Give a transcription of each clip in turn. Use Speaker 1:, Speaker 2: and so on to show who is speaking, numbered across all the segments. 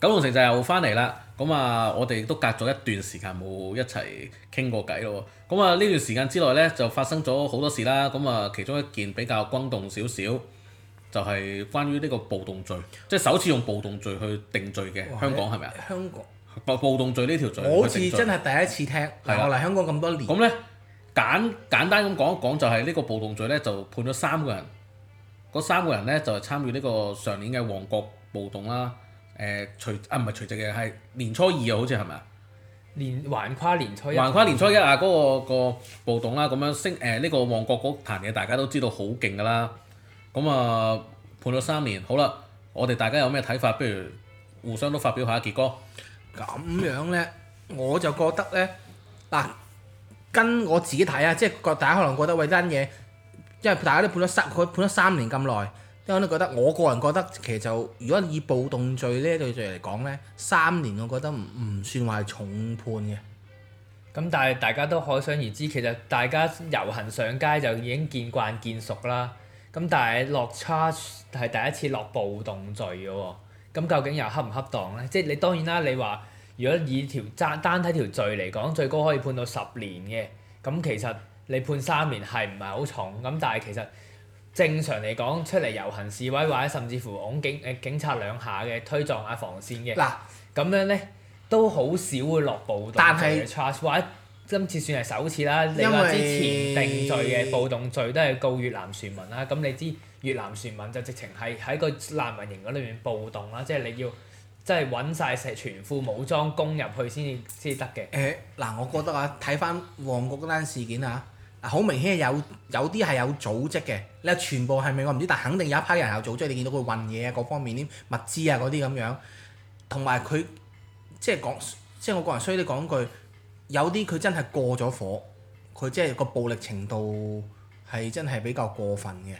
Speaker 1: 九龍城就又翻嚟啦，咁啊，我哋都隔咗一段時間冇一齊傾過偈咯。咁啊，呢段時間之內咧，就發生咗好多事啦。咁啊，其中一件比較轟動少少，就係、係、關於呢個暴動罪，即係首次用暴動罪去定罪嘅哇香港係咪啊？係係香港暴暴動罪呢條罪，我好似真係
Speaker 2: 第一次聽。係啊，我
Speaker 1: 嚟香港咁多年。咁咧、啊，簡簡單咁講一講，就係呢個暴動罪咧，就判咗三個人。嗰三個人咧就係參與呢個上年嘅旺角暴動啦。誒，除、呃、啊唔係除夕嘅，係年初二啊，好似係咪啊？是是
Speaker 3: 年橫跨年初，一？橫跨年初
Speaker 1: 一，年初一啊！嗰、那個個暴動啦，咁樣升誒呢、呃這個旺角嗰壇嘅，大家都知道好勁㗎啦。咁啊、呃、判咗三年，好啦，我哋大家有咩睇法？不如互相都發表下，傑哥。咁樣咧，我就覺得咧，
Speaker 2: 嗱，跟我自己睇啊，即係大家可能覺得喂真嘢，因為大家都判咗三，佢判咗三年咁耐。因為我覺得，我個人覺得其實就如果以暴動罪
Speaker 3: 呢一類罪嚟講咧，三年我覺得唔唔算話係重判嘅。咁但係大家都可想而知，其實大家遊行上街就已經見慣見熟啦。咁但係落 charge 係第一次落暴動罪㗎喎，咁究竟又恰唔恰當咧？即係你當然啦，你話如果以條單單睇條罪嚟講，最高可以判到十年嘅。咁其實你判三年係唔係好重？咁但係其實。正常嚟講，出嚟遊行示威或者甚至乎㧬警誒警察兩下嘅推撞下防線嘅，嗱，咁樣咧都好少會落暴動但係 charge，或者今次算係首次啦。因為你話之前定罪嘅暴動罪都係告越南船民啦，咁你知越南船民就直情係喺個難民營嗰裏面暴動啦，即係你要即係揾曬成全副武裝攻入去先至先得嘅。嗱、欸，我覺得
Speaker 2: 啊，睇翻旺角嗰單事件啊。好明顯係有有啲係有組織嘅，你全部係咪我唔知，但肯定有一批人有組織。你見到佢運嘢啊，各方面啲物資啊嗰啲咁樣，同埋佢即係講，即係我個人衰啲講句，有啲佢真係過咗火，佢即係個暴力程度係真係比較過分嘅。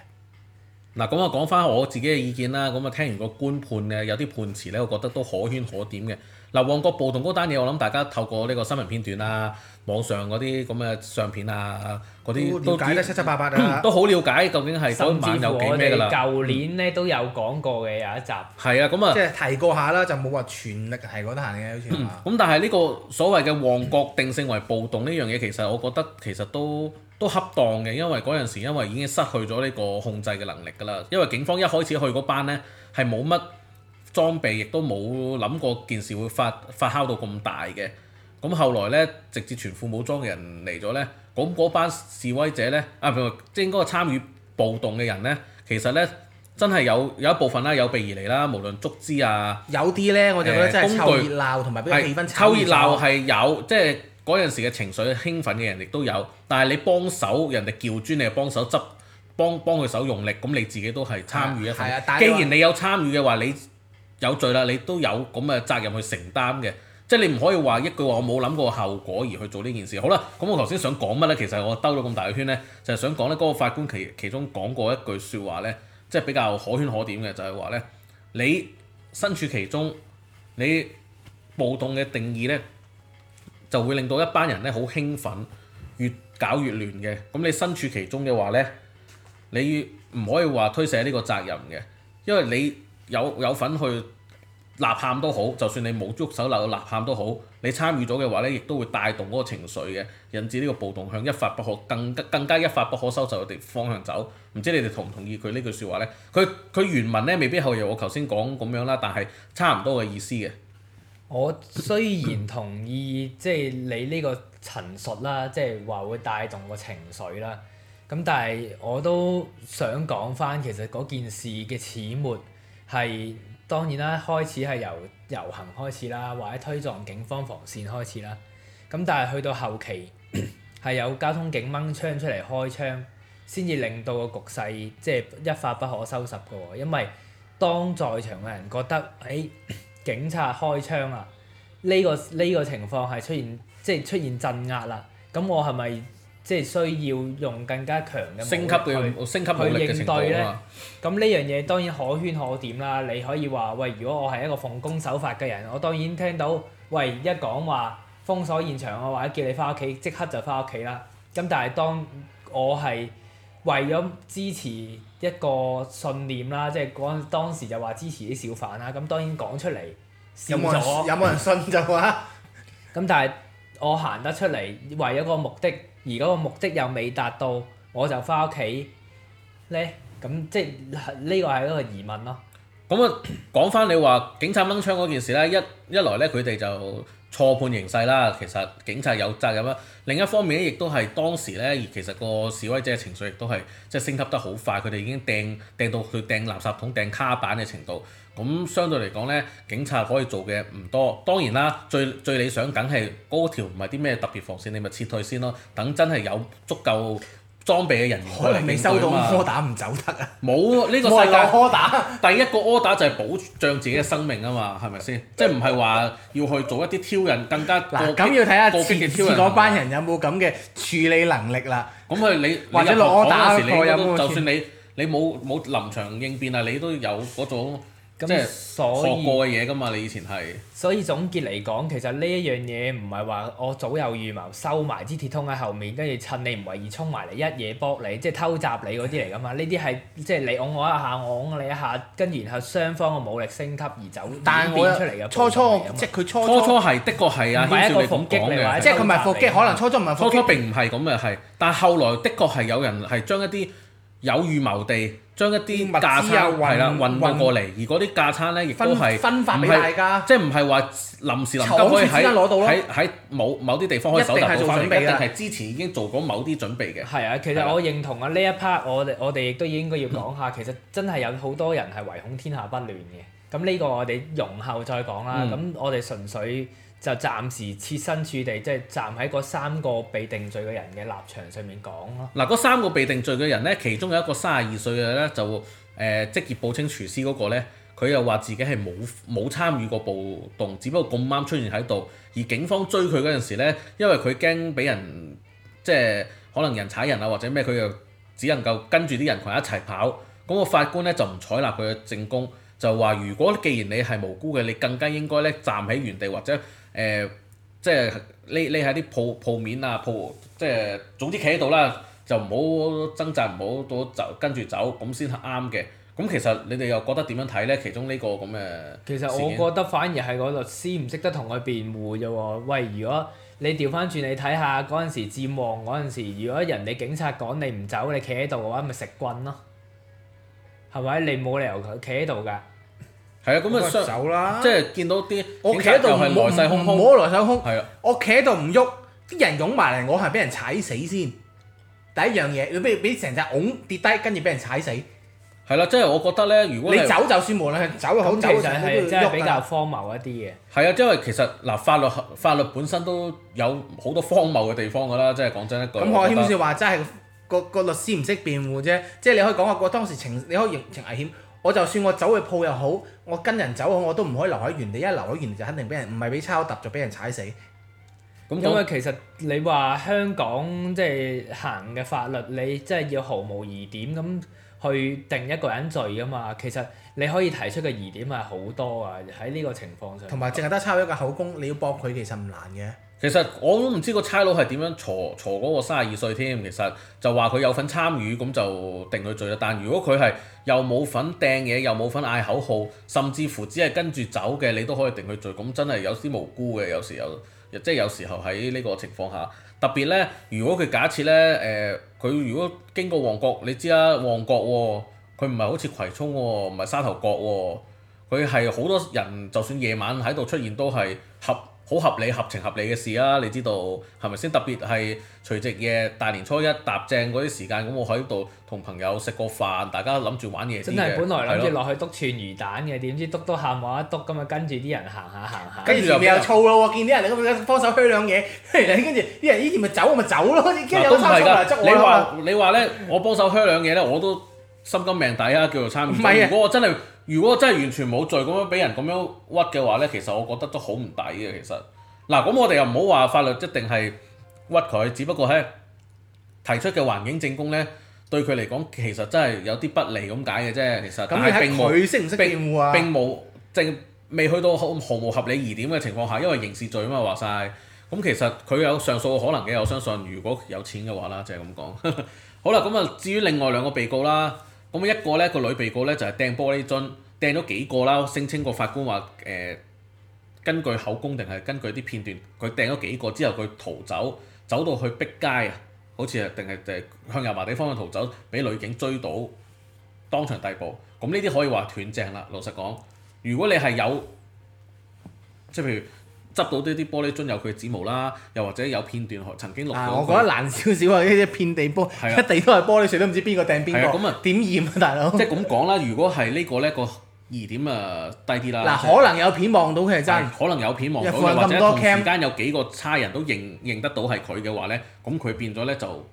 Speaker 1: 嗱，講就講翻我自己嘅意見啦。咁啊，聽完個官判嘅有啲判詞咧，我覺得都可圈可點嘅。嗱，旺角暴動嗰單嘢，我諗大家透過呢個新聞片段啊，網上嗰啲咁嘅相片啊，嗰啲都瞭解得七七
Speaker 3: 八八啦，嗯，都
Speaker 1: 好了解究竟係當晚有幾咩㗎啦。甚至乎我哋舊年
Speaker 3: 咧都有講過嘅有一集。係啊，咁啊，即係提過下啦，就冇話全力提過得閒嘅。好似
Speaker 1: 咁，但係呢個所謂嘅旺角定性為暴動呢，嗯、樣嘢，其實我覺得其實都都恰當嘅，因為嗰陣時因為已經失去咗呢個控制嘅能力㗎啦，因為警方一開始去嗰班咧係冇乜。裝備亦都冇諗過件事會發發酵到咁大嘅，咁後來咧直接全副武裝嘅人嚟咗咧，咁嗰班示威者咧，啊唔係即係應該參與暴動嘅人咧，其實咧真係有有一部分啦，有備而嚟啦，無論足資啊，有啲咧，我就覺得真係湊熱鬧同埋俾個氣氛湊熱鬧，係、呃、有即係嗰陣時嘅情緒興奮嘅人亦都有，但係你幫手人哋撬磚，你幫手執，幫幫佢手用力，咁你自己都係參與一，係啊，啊既然你有參與嘅話，你有罪啦，你都有咁嘅責任去承擔嘅，即係你唔可以話一句話我冇諗過後果而去做呢件事。好啦，咁我頭先想講乜咧？其實我兜咗咁大個圈咧，就係想講咧嗰個法官其其中講過一句説話咧，即係比較可圈可點嘅，就係話咧，你身處其中，你暴動嘅定義咧，就會令到一班人咧好興奮，越搞越亂嘅。咁你身處其中嘅話咧，你唔可以話推卸呢個責任嘅，因為你。有有份去吶喊都好，就算你冇郁手去吶喊都好，你參與咗嘅話咧，亦都會帶動嗰個情緒嘅，引致呢個暴動向一發不可更更加一發不可收拾嘅地方向走。唔知你哋同唔同意佢呢句説話咧？佢佢原文咧未必係好似我頭先講咁樣啦，但係差唔多嘅意思嘅。
Speaker 3: 我雖然同意即係、就是、你呢個陳述啦，即係話會帶動個情緒啦，咁但係我都想講翻其實嗰件事嘅始末。係當然啦，開始係由遊行開始啦，或者推撞警方防線開始啦。咁但係去到後期係 有交通警掹槍出嚟開槍，先至令到個局勢即係一發不可收拾㗎喎。因為當在場嘅人覺得誒、哎、警察開槍啊，呢、這個呢、這個情況係出現即係、就是、出現鎮壓啦。咁我係咪？即係需要用更加強嘅升級，升級去應對咧。咁呢、嗯、樣嘢當然可圈可點啦。你可以話喂，如果我係一個奉公守法嘅人，我當然聽到喂一講話封鎖現場啊，我或者叫你翻屋企，即刻就翻屋企啦。咁、嗯、但係當我係為咗支持一個信念啦，即係嗰陣當時就話支持啲小販啦。咁、嗯、當然講出嚟，有冇人信 有冇人信就話。咁 但係我行得出嚟為一個目的。而嗰個目的又未達到，我就翻屋企咧。咁即係呢個係一個疑問咯。咁啊，講 翻你話警察
Speaker 1: 掹槍嗰件事咧，一一來咧佢哋就。錯判形勢啦，其實警察有責任啦。另一方面咧，亦都係當時咧，其實個示威者情緒亦都係即係升級得好快，佢哋已經掟掟到去掟垃圾桶、掟卡板嘅程度。咁相對嚟講咧，警察可以做嘅唔多。當然啦，最最理想梗係嗰條唔係啲咩特別防線，你咪撤退先咯。等真係有足夠裝備嘅人員，可能未收到柯打唔走得啊？冇啊，呢個世界，柯打。第一個柯打就係保障自己嘅生命啊嘛，係咪先？ 即係唔係話要去做一啲挑釁更加嗱？咁、啊、要睇下前嗰班
Speaker 2: 人有冇咁嘅處理能力啦。
Speaker 1: 咁佢，你，你或者攞柯打你，就算你
Speaker 3: 你冇冇臨場應變啊，你都有嗰種。即係學過嘅嘢㗎嘛？你以前係，所以總結嚟講，其實呢一樣嘢唔係話我早有預謀收埋支鐵通喺後面，跟住趁你唔為意衝埋嚟一嘢搏你，即係偷襲你嗰啲嚟㗎嘛？呢啲係即係你擁我一下，我擁你一下，跟住然後雙方嘅武力升級而走單邊出嚟㗎。初
Speaker 1: 初即係佢初初係的確係一個伏擊嚟㗎嘛，阿軒少你咁講嘅，即係佢唔係伏擊，可能初初唔係伏擊。初初並唔係咁嘅係，但係後來的確係有人係將一啲。有預謀地將一啲物資係啦運過過嚟，而嗰啲架餐咧亦都係分發畀大家。即係唔係話臨時臨急可以喺喺喺某某啲地方可以手到。一定係做準備啦，一定係之前已經做過某啲準備嘅。係
Speaker 3: 啊，其實、啊、我認同啊，呢一 part 我哋我哋亦都應該要講下，嗯、其實真係有好多人係唯恐天下不亂嘅。咁呢個我哋容後再講啦。咁、嗯、我哋純粹。就暫時設身處地，即、就、係、是、站喺嗰三個被定罪嘅人嘅立場上面講
Speaker 1: 咯。嗱，嗰三個被定罪嘅人咧，其中有一個三十二歲嘅咧，就誒、呃、職業報稱廚師嗰個咧，佢又話自己係冇冇參與過暴動，只不過咁啱出現喺度。而警方追佢嗰陣時咧，因為佢驚俾人即係可能人踩人啊，或者咩，佢又只能夠跟住啲人群一齊跑。咁、那個法官咧就唔採納佢嘅證供，就話如果既然你係無辜嘅，你更加應該咧站喺原地或者。誒、呃，即係匿匿喺啲鋪鋪面啊，鋪即係總之企喺度啦，就唔好掙扎，唔好到就跟住走，咁先啱嘅。咁其實你哋又覺得點樣睇咧？其中呢個咁嘅，其實我覺得
Speaker 3: 反而係嗰律師唔識得同佢辯護咋喎。喂，如果你調翻轉你睇下嗰陣時戰況嗰陣時，如果人哋警察趕你唔走，你企喺度嘅話，咪食棍咯，係咪？你冇理由企喺度㗎。係啊，咁就走啦！即係見到啲我企喺度唔係來勢洶洶，冇得來勢洶洶，我企喺度唔喐，啲人擁
Speaker 2: 埋嚟，我係俾人踩死先。第一樣嘢，要俾俾成隻鵪跌低，跟住俾人踩
Speaker 1: 死。係啦，即係我覺得咧，如果你走，
Speaker 3: 就算無論係走又好，走就係比較荒謬一啲嘢。
Speaker 1: 係啊，因為其實嗱，法律法律本身都有好多荒謬嘅地方㗎啦。即係講真一句，咁我謙先話，
Speaker 2: 真係個個律師唔識辯護啫。即係你可以講下個當時情，你可以形容情危險。我就算我走去鋪又好，我跟人走好，我都唔可以留喺
Speaker 3: 原地，一留喺原地就肯定俾人，唔係俾抄揼，就俾人踩死。
Speaker 2: 咁因為
Speaker 3: 其實你話香港即係行嘅法律，你即係要毫無疑點咁去定一個人罪㗎嘛？其實你可以提出嘅疑點係好多啊，喺呢個情況上。同埋
Speaker 2: 淨係得抄一個口供，你要駁佢其實唔難嘅。
Speaker 3: 其實我都唔知個差佬係點
Speaker 1: 樣錯錯嗰個三十二歲添。其實就話佢有份參與，咁就定佢罪啦。但如果佢係又冇份掟嘢，又冇份嗌口號，甚至乎只係跟住走嘅，你都可以定佢罪。咁真係有啲無辜嘅，有時候即係、就是、有時候喺呢個情況下，特別咧，如果佢假設咧，誒、呃、佢如果經過旺角，你知啦、啊，旺角喎、哦，佢唔係好似葵涌喎、哦，唔係沙頭角喎、哦，佢係好多人，就算夜晚喺度出現都係合。好合理合情合理嘅事啊，你知道係咪先？特別係除夕夜大年初一搭正嗰啲時間，咁我喺度同朋友食個飯，
Speaker 3: 大家諗住玩嘢。真係本來諗住落去篤串魚蛋嘅，點對了 知篤到下冇得篤，咁啊跟住啲人行下行下，跟住又燥
Speaker 2: 咯喎，見啲人你咁樣幫手噓兩嘢，跟住啲人呢啲
Speaker 1: 咪走，我咪走咯。都唔係噶。你話說你話咧， 我幫手噓兩嘢咧，我都。心甘命抵啊，叫做參與。唔係、啊、如果我真係，如果我真係完全冇罪咁樣俾人咁樣屈嘅話咧，其實我覺得都好唔抵嘅。其實嗱，咁、啊、我哋又唔好話法律一定係屈佢，只不過係提出嘅環境證供咧，對佢嚟講其實真係有啲不利咁解嘅啫。其實咁你睇佢識唔識厭惡啊？並冇正未去到毫毫無合理疑點嘅情況下，因為刑事罪啊嘛話晒。咁其實佢有上訴嘅可能嘅，我相信。如果有錢嘅話啦，就係咁講。 好啦，咁啊至於另外兩個被告啦。咁一個咧個女被告咧就係、是、掟玻璃樽，掟咗幾個啦，聲稱個法官話誒、呃、根據口供定係根據啲片段，佢掟咗幾個之後佢逃走，走到去逼街啊，好似係定係定係向油麻地方向逃走，俾女警追到當場逮捕。咁呢啲可以話斷正啦。老實講，如果你係有即係譬如。執到呢啲玻璃樽有佢嘅指模啦，又或者有片段曾經錄過。我覺得難
Speaker 2: 少少啊！呢啲片地玻一地都係玻璃碎，都唔知邊個掟邊個。咁
Speaker 1: 啊，點驗啊，大佬？即係咁講啦，如果係呢個咧個疑點啊低啲啦。嗱，可能有片
Speaker 2: 望到佢係真，可能有片望到嘅，或者同時
Speaker 1: 間有幾個差人都認認得到係佢嘅話咧，咁佢變咗咧就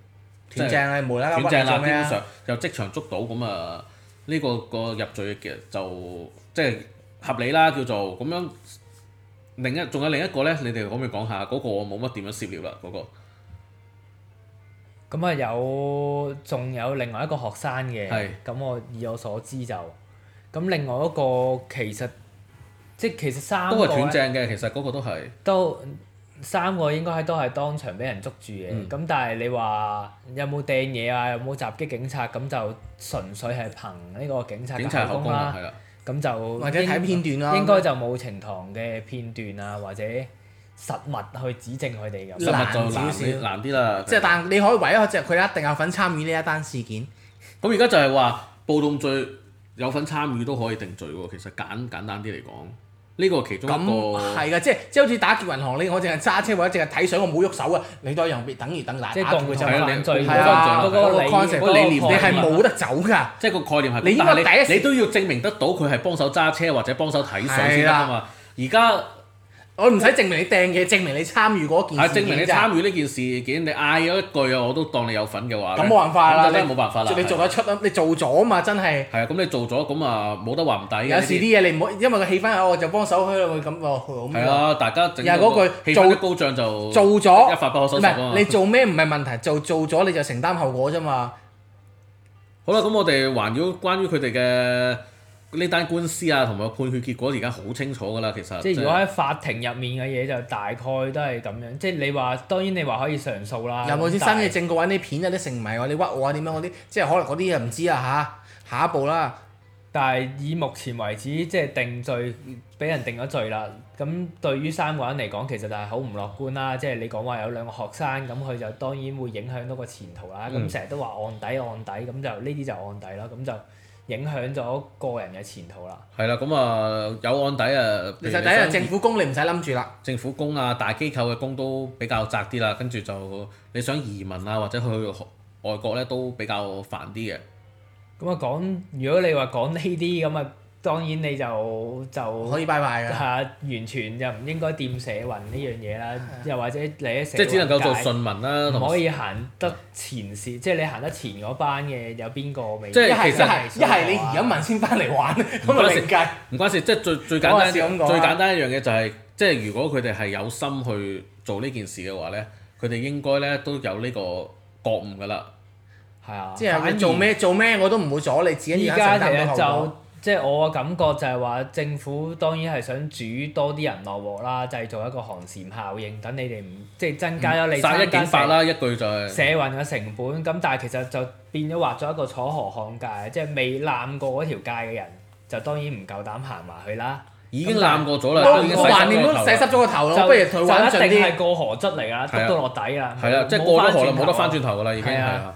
Speaker 1: 斷正係無啦啦揾咗咩啊？斷正啦，基本上就即場捉到咁啊，呢個個入罪嘅就即係合理啦，叫做咁樣。另一，仲有另一個咧，你哋可唔可以講下嗰個我冇乜點樣涉獵啦？嗰個
Speaker 3: 咁啊，有，仲有另外一個學生嘅，咁我的以我所知，就咁另外一個其實即係其實三個都係斷正嘅，其實嗰個都係都三個應該都係當場俾人捉住嘅，咁、嗯、但係你話有冇掟嘢啊，有冇襲擊警察咁就純粹係憑呢個警察、啊、警察嘅口供啦，係啦。咁就應該，應該就冇呈堂嘅片段啊，或者實物去指證佢哋咁，實物就難啲，難啲啦。即係但你可以唯一可以證實佢一定有份參與呢一
Speaker 2: 單事件。
Speaker 1: 咁而家就係話暴動罪有份參與都可以定罪喎，其實簡單簡單啲嚟講。呢個其中一個係噶，
Speaker 2: 即係即係好似打劫銀行，你我淨係揸車或者淨係睇相，我冇喐手啊！你都喺入邊等於等打劫佢就係啊！嗰個概念你係冇
Speaker 1: 得走㗎。即係個概念係你應該第一，你都要證明得到佢係幫手揸車或者幫手睇相先得啊嘛。而家
Speaker 2: 我唔使證明你掟嘢，證明你參與嗰件事，係證明你參與
Speaker 1: 呢件事件。你嗌咗一句，我都當你有份嘅話，咁冇辦法啦，真係冇辦法啦。你做得出啊？你做咗嘛？真係。係啊，咁你做咗咁啊，冇得話唔抵嘅。有時啲嘢你唔好，因為個氣氛，我就幫手
Speaker 2: 去咁哦。係啊，大
Speaker 1: 家整。又嗰句氣氛一高漲就。做咗。一發不可收拾啊嘛。唔係你做
Speaker 2: 咩唔係問題，就做咗你就承擔後果啫嘛。
Speaker 1: 好啦，咁我哋環繞關於佢哋嘅。呢單官司啊，同埋判決結果而家好清楚噶啦，其實。即係是、就是、如果喺
Speaker 3: 法庭入面嘅嘢，就大概都係咁樣。即係你話，當然你話可以上訴啦。有冇啲新
Speaker 2: 嘅證據揾啲片啊、啲成迷啊、你屈我啊、點樣嗰啲？即係可能嗰啲又唔知啊嚇。
Speaker 3: 下一步啦。但係以目前為止，即係定罪，俾人定咗罪啦。咁對於三個人嚟講，其實就係好唔樂觀啦。即係你講話有兩個學生，咁佢就當然會影響到個前途啦。咁成日都話案底案底，咁就呢啲就案底啦。咁就。影響咗個人嘅前途啦。
Speaker 1: 係啦，咁啊有案底啊，其實第一，政府工你唔使諗住啦。政府工啊，大機構嘅工都比較窄啲啦，跟住就你想移民啊，或者去外國咧都比較煩啲嘅。
Speaker 3: 咁啊，講、 嗯嗯、如果你話講呢啲咁啊。當然你就就可以拜拜啦，完全就唔應該掂社運呢樣嘢啦，又或者你，啲社即係只能夠做順民啦，唔可以行得前線，即係你行得前嗰班嘅有邊個未？即係其實一係你而家問先翻嚟玩，咁
Speaker 1: 咪唔計。唔關事，唔關事，即係最最簡單，一樣嘢就係，即係如果佢哋係有心去做呢件事嘅話咧，佢哋應該咧都有呢個覺悟噶啦。係啊，即係做咩做咩
Speaker 3: 我都唔會阻你，自己而家就。即係我嘅感覺就係話，政府當然係想煮多啲人落鑊啦，製造一個寒蟬效應，等你哋唔即係增加咗你哋加。洗間發啦，社運嘅成本咁，但係其實就變咗畫咗一個楚河漢界，即係未攬過嗰條界嘅人，就當然唔夠膽行埋去啦。已經攬過咗啦，都橫掂都洗濕咗個頭咯。就一定係過河卒嚟啊，跌到落底啊。係啦，即係過咗河啦，冇得翻轉頭噶啦，已經係啦。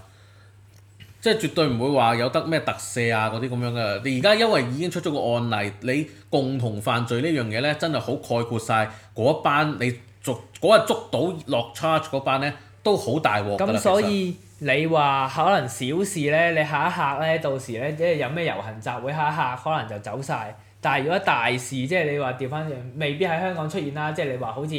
Speaker 1: 即係絕對唔會話有得咩特赦啊嗰啲咁樣嘅。你而家因為已經出咗個案例，你共同犯罪呢樣嘢咧，真
Speaker 3: 係好概括晒。嗰班你捉嗰日捉到落 charge 嗰班咧，都好大鑊咁，所以實你話可能小事咧，你下一刻咧，到時咧即係有咩遊行集會，下一刻可能就走晒。但係如果大事，即係你話調翻轉，未必喺香港出現啦。即係你話好似。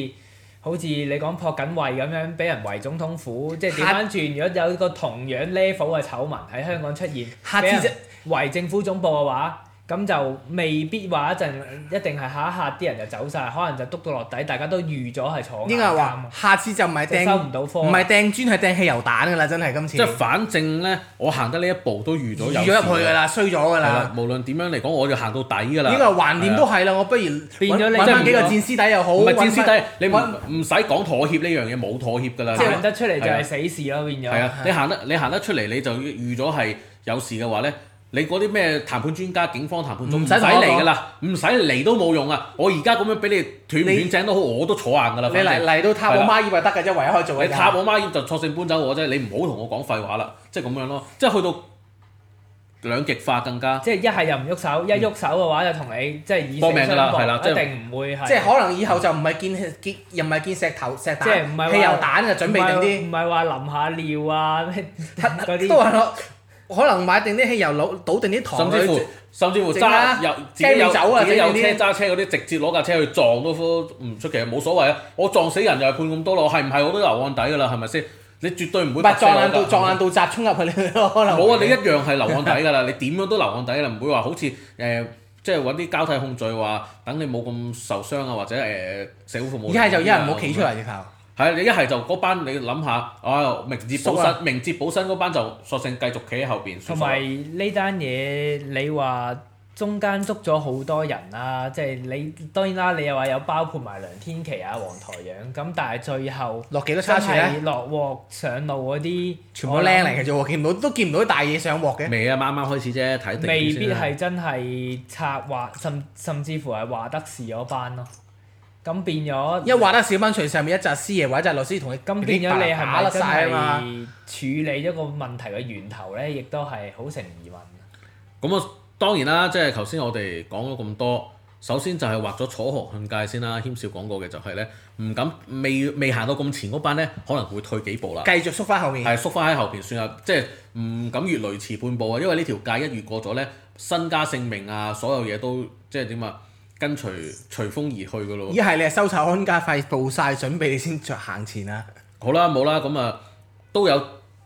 Speaker 3: 好似你講朴槿惠咁樣俾人圍總統府，即係調翻轉，次如果有一個同樣 level 嘅醜聞喺香港出現，次圍政府總部嘅話。咁就未必話一陣，一定係下一刻啲人就走晒，可能就篤到落底，大家都預咗係闖下。應該話下次就唔係掟唔係係掟磚係掟汽油彈
Speaker 1: 噶啦，真係今次。即係反正咧，我行得呢一步都預咗有。預咗入去㗎啦，衰咗㗎啦。無論點樣嚟講，我就行到底㗎啦。應該話橫掂都係
Speaker 2: 啦，我不如變咗你揾幾個戰屍體又好。唔係戰屍體，
Speaker 1: 你唔使講妥協呢樣嘢，冇妥協㗎啦。即係行得出嚟就係死事咯，變咗。係啊，你行得你行得出嚟，你就預咗係有事嘅話咧。你嗰啲咩談判專家、警方談判仲唔使嚟㗎啦？唔使嚟都冇用啊！我而家咁樣俾你斷斷正都好，我都坐硬㗎啦。你嚟嚟到塔我媽
Speaker 2: 閪咪得嘅啫，唯一可以做嘅。你塌我媽
Speaker 1: 閪就索性搬走我啫，你唔好同我講廢話啦，即係咁樣咯，即係去到兩極
Speaker 3: 化更加。即係一係又唔喐手，一喐手嘅話就同你即係以死相搏，一定唔會係。即係可能以後就唔係見見，又唔係見石頭石彈，唔係汽油彈就準備定啲。唔係話淋下尿啊咩啲都係我。可能買定啲汽油攞倒定啲糖，甚至乎甚至乎揸油自己走，或者有車
Speaker 1: 揸車嗰啲直接攞架車去撞都唔出奇，冇所謂啊！我撞死人又係判咁多咯，我係唔係我都留案底噶啦？係咪先？你絕對唔會。唔係撞硬道撞硬
Speaker 2: 到，砸衝入去，你可能冇啊！你一樣係留案底
Speaker 1: 噶啦，你點樣都留案底啦，唔會話好似誒即係揾啲交替控罪話等你冇咁受傷啊，或者誒社會服務。依家就一家唔好企出嚟嘅時係你一係就嗰班，你諗下啊，明哲保身，明哲了保身嗰班就索性繼續企喺後邊。同埋
Speaker 3: 呢單嘢，你話中間捉咗好多人啦、啊，即、就、係、是、你當然啦，你又話有包括埋梁天琦啊、黃台仰咁，但係最後落幾多差錯咧？落鑊上路嗰啲全部靚嚟嘅啫，見唔到都見唔到大嘢上鑊嘅。
Speaker 1: 未啊，啱啱開始啫，睇未必係
Speaker 3: 真係策劃，甚甚至乎係話得事嗰班咯、啊。咁變咗一畫得小班長上面一揸師爺，爺打打，或者就係老師同佢，咁變咗你係咪真係處理咗個問題嘅源頭咧？亦都係好成疑問。
Speaker 1: 咁啊，當然啦，即係頭先我哋講咗咁多，首先就係畫咗楚河漢界先啦。謙少講過嘅就係、是、咧，唔敢未未行到咁前嗰班咧，可能會退幾步啦。繼續縮翻後面，係縮翻喺後邊算啦。即係唔敢越雷池半步啊，因為呢條界一越過咗咧，身家性命啊，所有嘢都即係點啊？跟隨隨風而去嘅咯，一
Speaker 2: 係你係收齊安家費，做晒準備，你先着行前啊！
Speaker 1: 好啦，冇啦，咁啊都有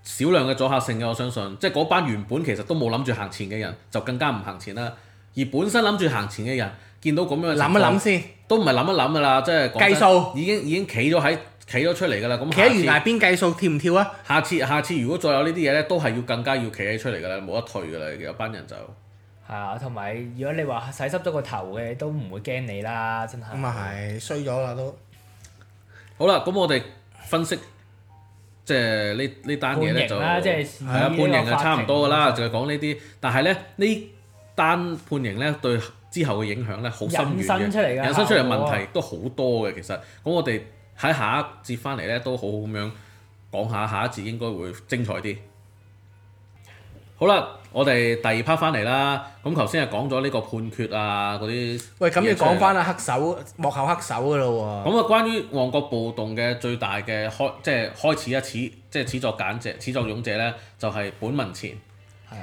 Speaker 1: 少量嘅阻嚇性嘅，我相信，即係嗰班原本其實都冇諗住行前嘅人，就更加唔行前啦。而本身諗住行前嘅人，見到咁樣諗一諗先，都唔係諗一諗嘅啦，即係計數已經已經企咗喺企咗出嚟嘅啦。咁企喺懸崖邊計數跳唔跳啊？下次下次如果再有呢啲嘢咧，都係要更加要企喺出嚟嘅啦，冇得退嘅啦，有班人
Speaker 3: 就。係啊，同埋如果你話洗濕咗個頭嘅，都唔會驚你啦，真係。咁啊係，衰咗啦都。好啦，咁我哋分析
Speaker 1: 即係呢呢單嘢咧就係啊判刑係差唔多噶啦，就係講呢啲。但係咧呢單判刑咧對之後嘅影響咧好深遠嘅，引申出嚟嘅引申出嚟嘅問題都好多嘅其實。咁我哋喺下一節翻嚟咧都好好咁樣講下，下一節應該會精彩啲。好啦，我哋第二 part 翻嚟啦。咁頭先係講咗呢個判決啊，嗰啲。喂，咁你講翻
Speaker 2: 啦，黑手幕後黑手噶咯喎。
Speaker 1: 咁啊，關於旺角暴動嘅最大嘅開，即係開始一次，即係始作簡直，始作俑者咧，就係、是、本文前。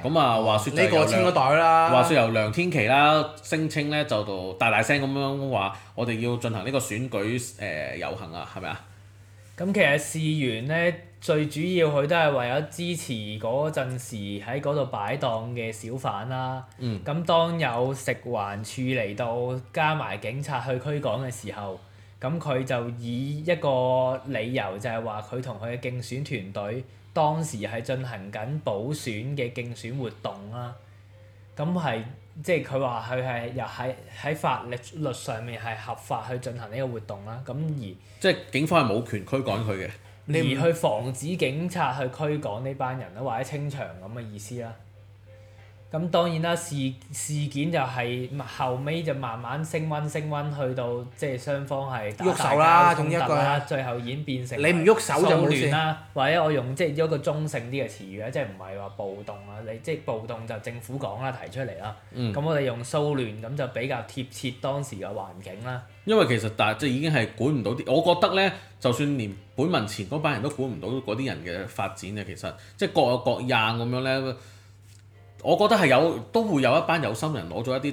Speaker 1: 咁啊，啊哦、話説呢個穿個袋啦，話説由梁天琦啦、啊、聲稱咧，就到大大聲咁樣話，我哋要進行呢個選舉誒、呃、遊行啊，係咪啊？
Speaker 3: 咁其實事緣咧。最主要佢都係為咗支持嗰陣時喺嗰度擺檔嘅小販啦、啊。咁、嗯、當有食環署嚟到加埋警察去驅趕嘅時候，咁佢就以一個理由就係話，佢同佢嘅競選團隊當時係進行緊補選嘅競選活動啦、啊。咁係即係，佢、就、話、是，佢係又喺喺法律律上面係合法去進行呢個活動啦、啊。咁而即
Speaker 1: 係警方係冇權驅趕佢嘅。嗯你唔去
Speaker 3: 防止警察去驅趕呢班人啊，或者清場咁嘅意思啦。咁當然啦，事事件就係、是、後尾就慢慢升溫，升溫去到即係雙方係喐手啦，總之啦，最後演變成你唔喐手就冇啦，或者我用即係一個中性啲嘅詞語咧，即係唔係話暴動啦，你即係暴動就政府講啦，提出嚟啦。咁、嗯、我哋用騷亂咁就比較貼切當時嘅環境啦。因
Speaker 1: 為其實大係即係已經係管唔到啲，我覺得咧，就算連本民前嗰班人都管唔到嗰啲人嘅發展嘅，其實即係各有各癮咁樣咧。我覺得係有都會有一班有心人攞咗一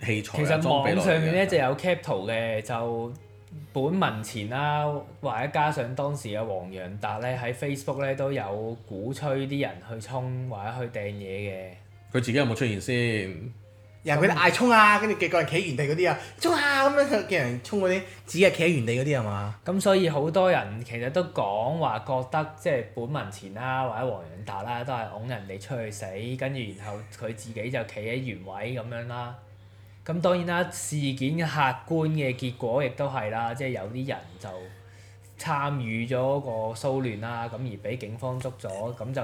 Speaker 1: 啲器材、啊、其實網上面咧
Speaker 3: 就有 cap 圖嘅，就本文前啦、啊，或者加上當時嘅黃洋達咧喺 Facebook 咧都有鼓吹啲人去衝或者去掟嘢嘅。
Speaker 1: 佢自己有冇出現先？
Speaker 3: 又佢啲嗌衝啊，跟住叫個人企原地嗰啲啊，衝啊咁樣叫人衝嗰啲，自己企原地嗰啲係嘛？咁所以好多人其實都講話覺得，即係本文前啦或者黃洋達啦，都係㧬人哋出去死，跟住然後佢自己就企喺原位咁樣啦。咁當然啦，事件嘅客觀嘅結果亦都係啦，即係有啲人就參與咗個騷亂啦，咁而俾警方捉咗，咁就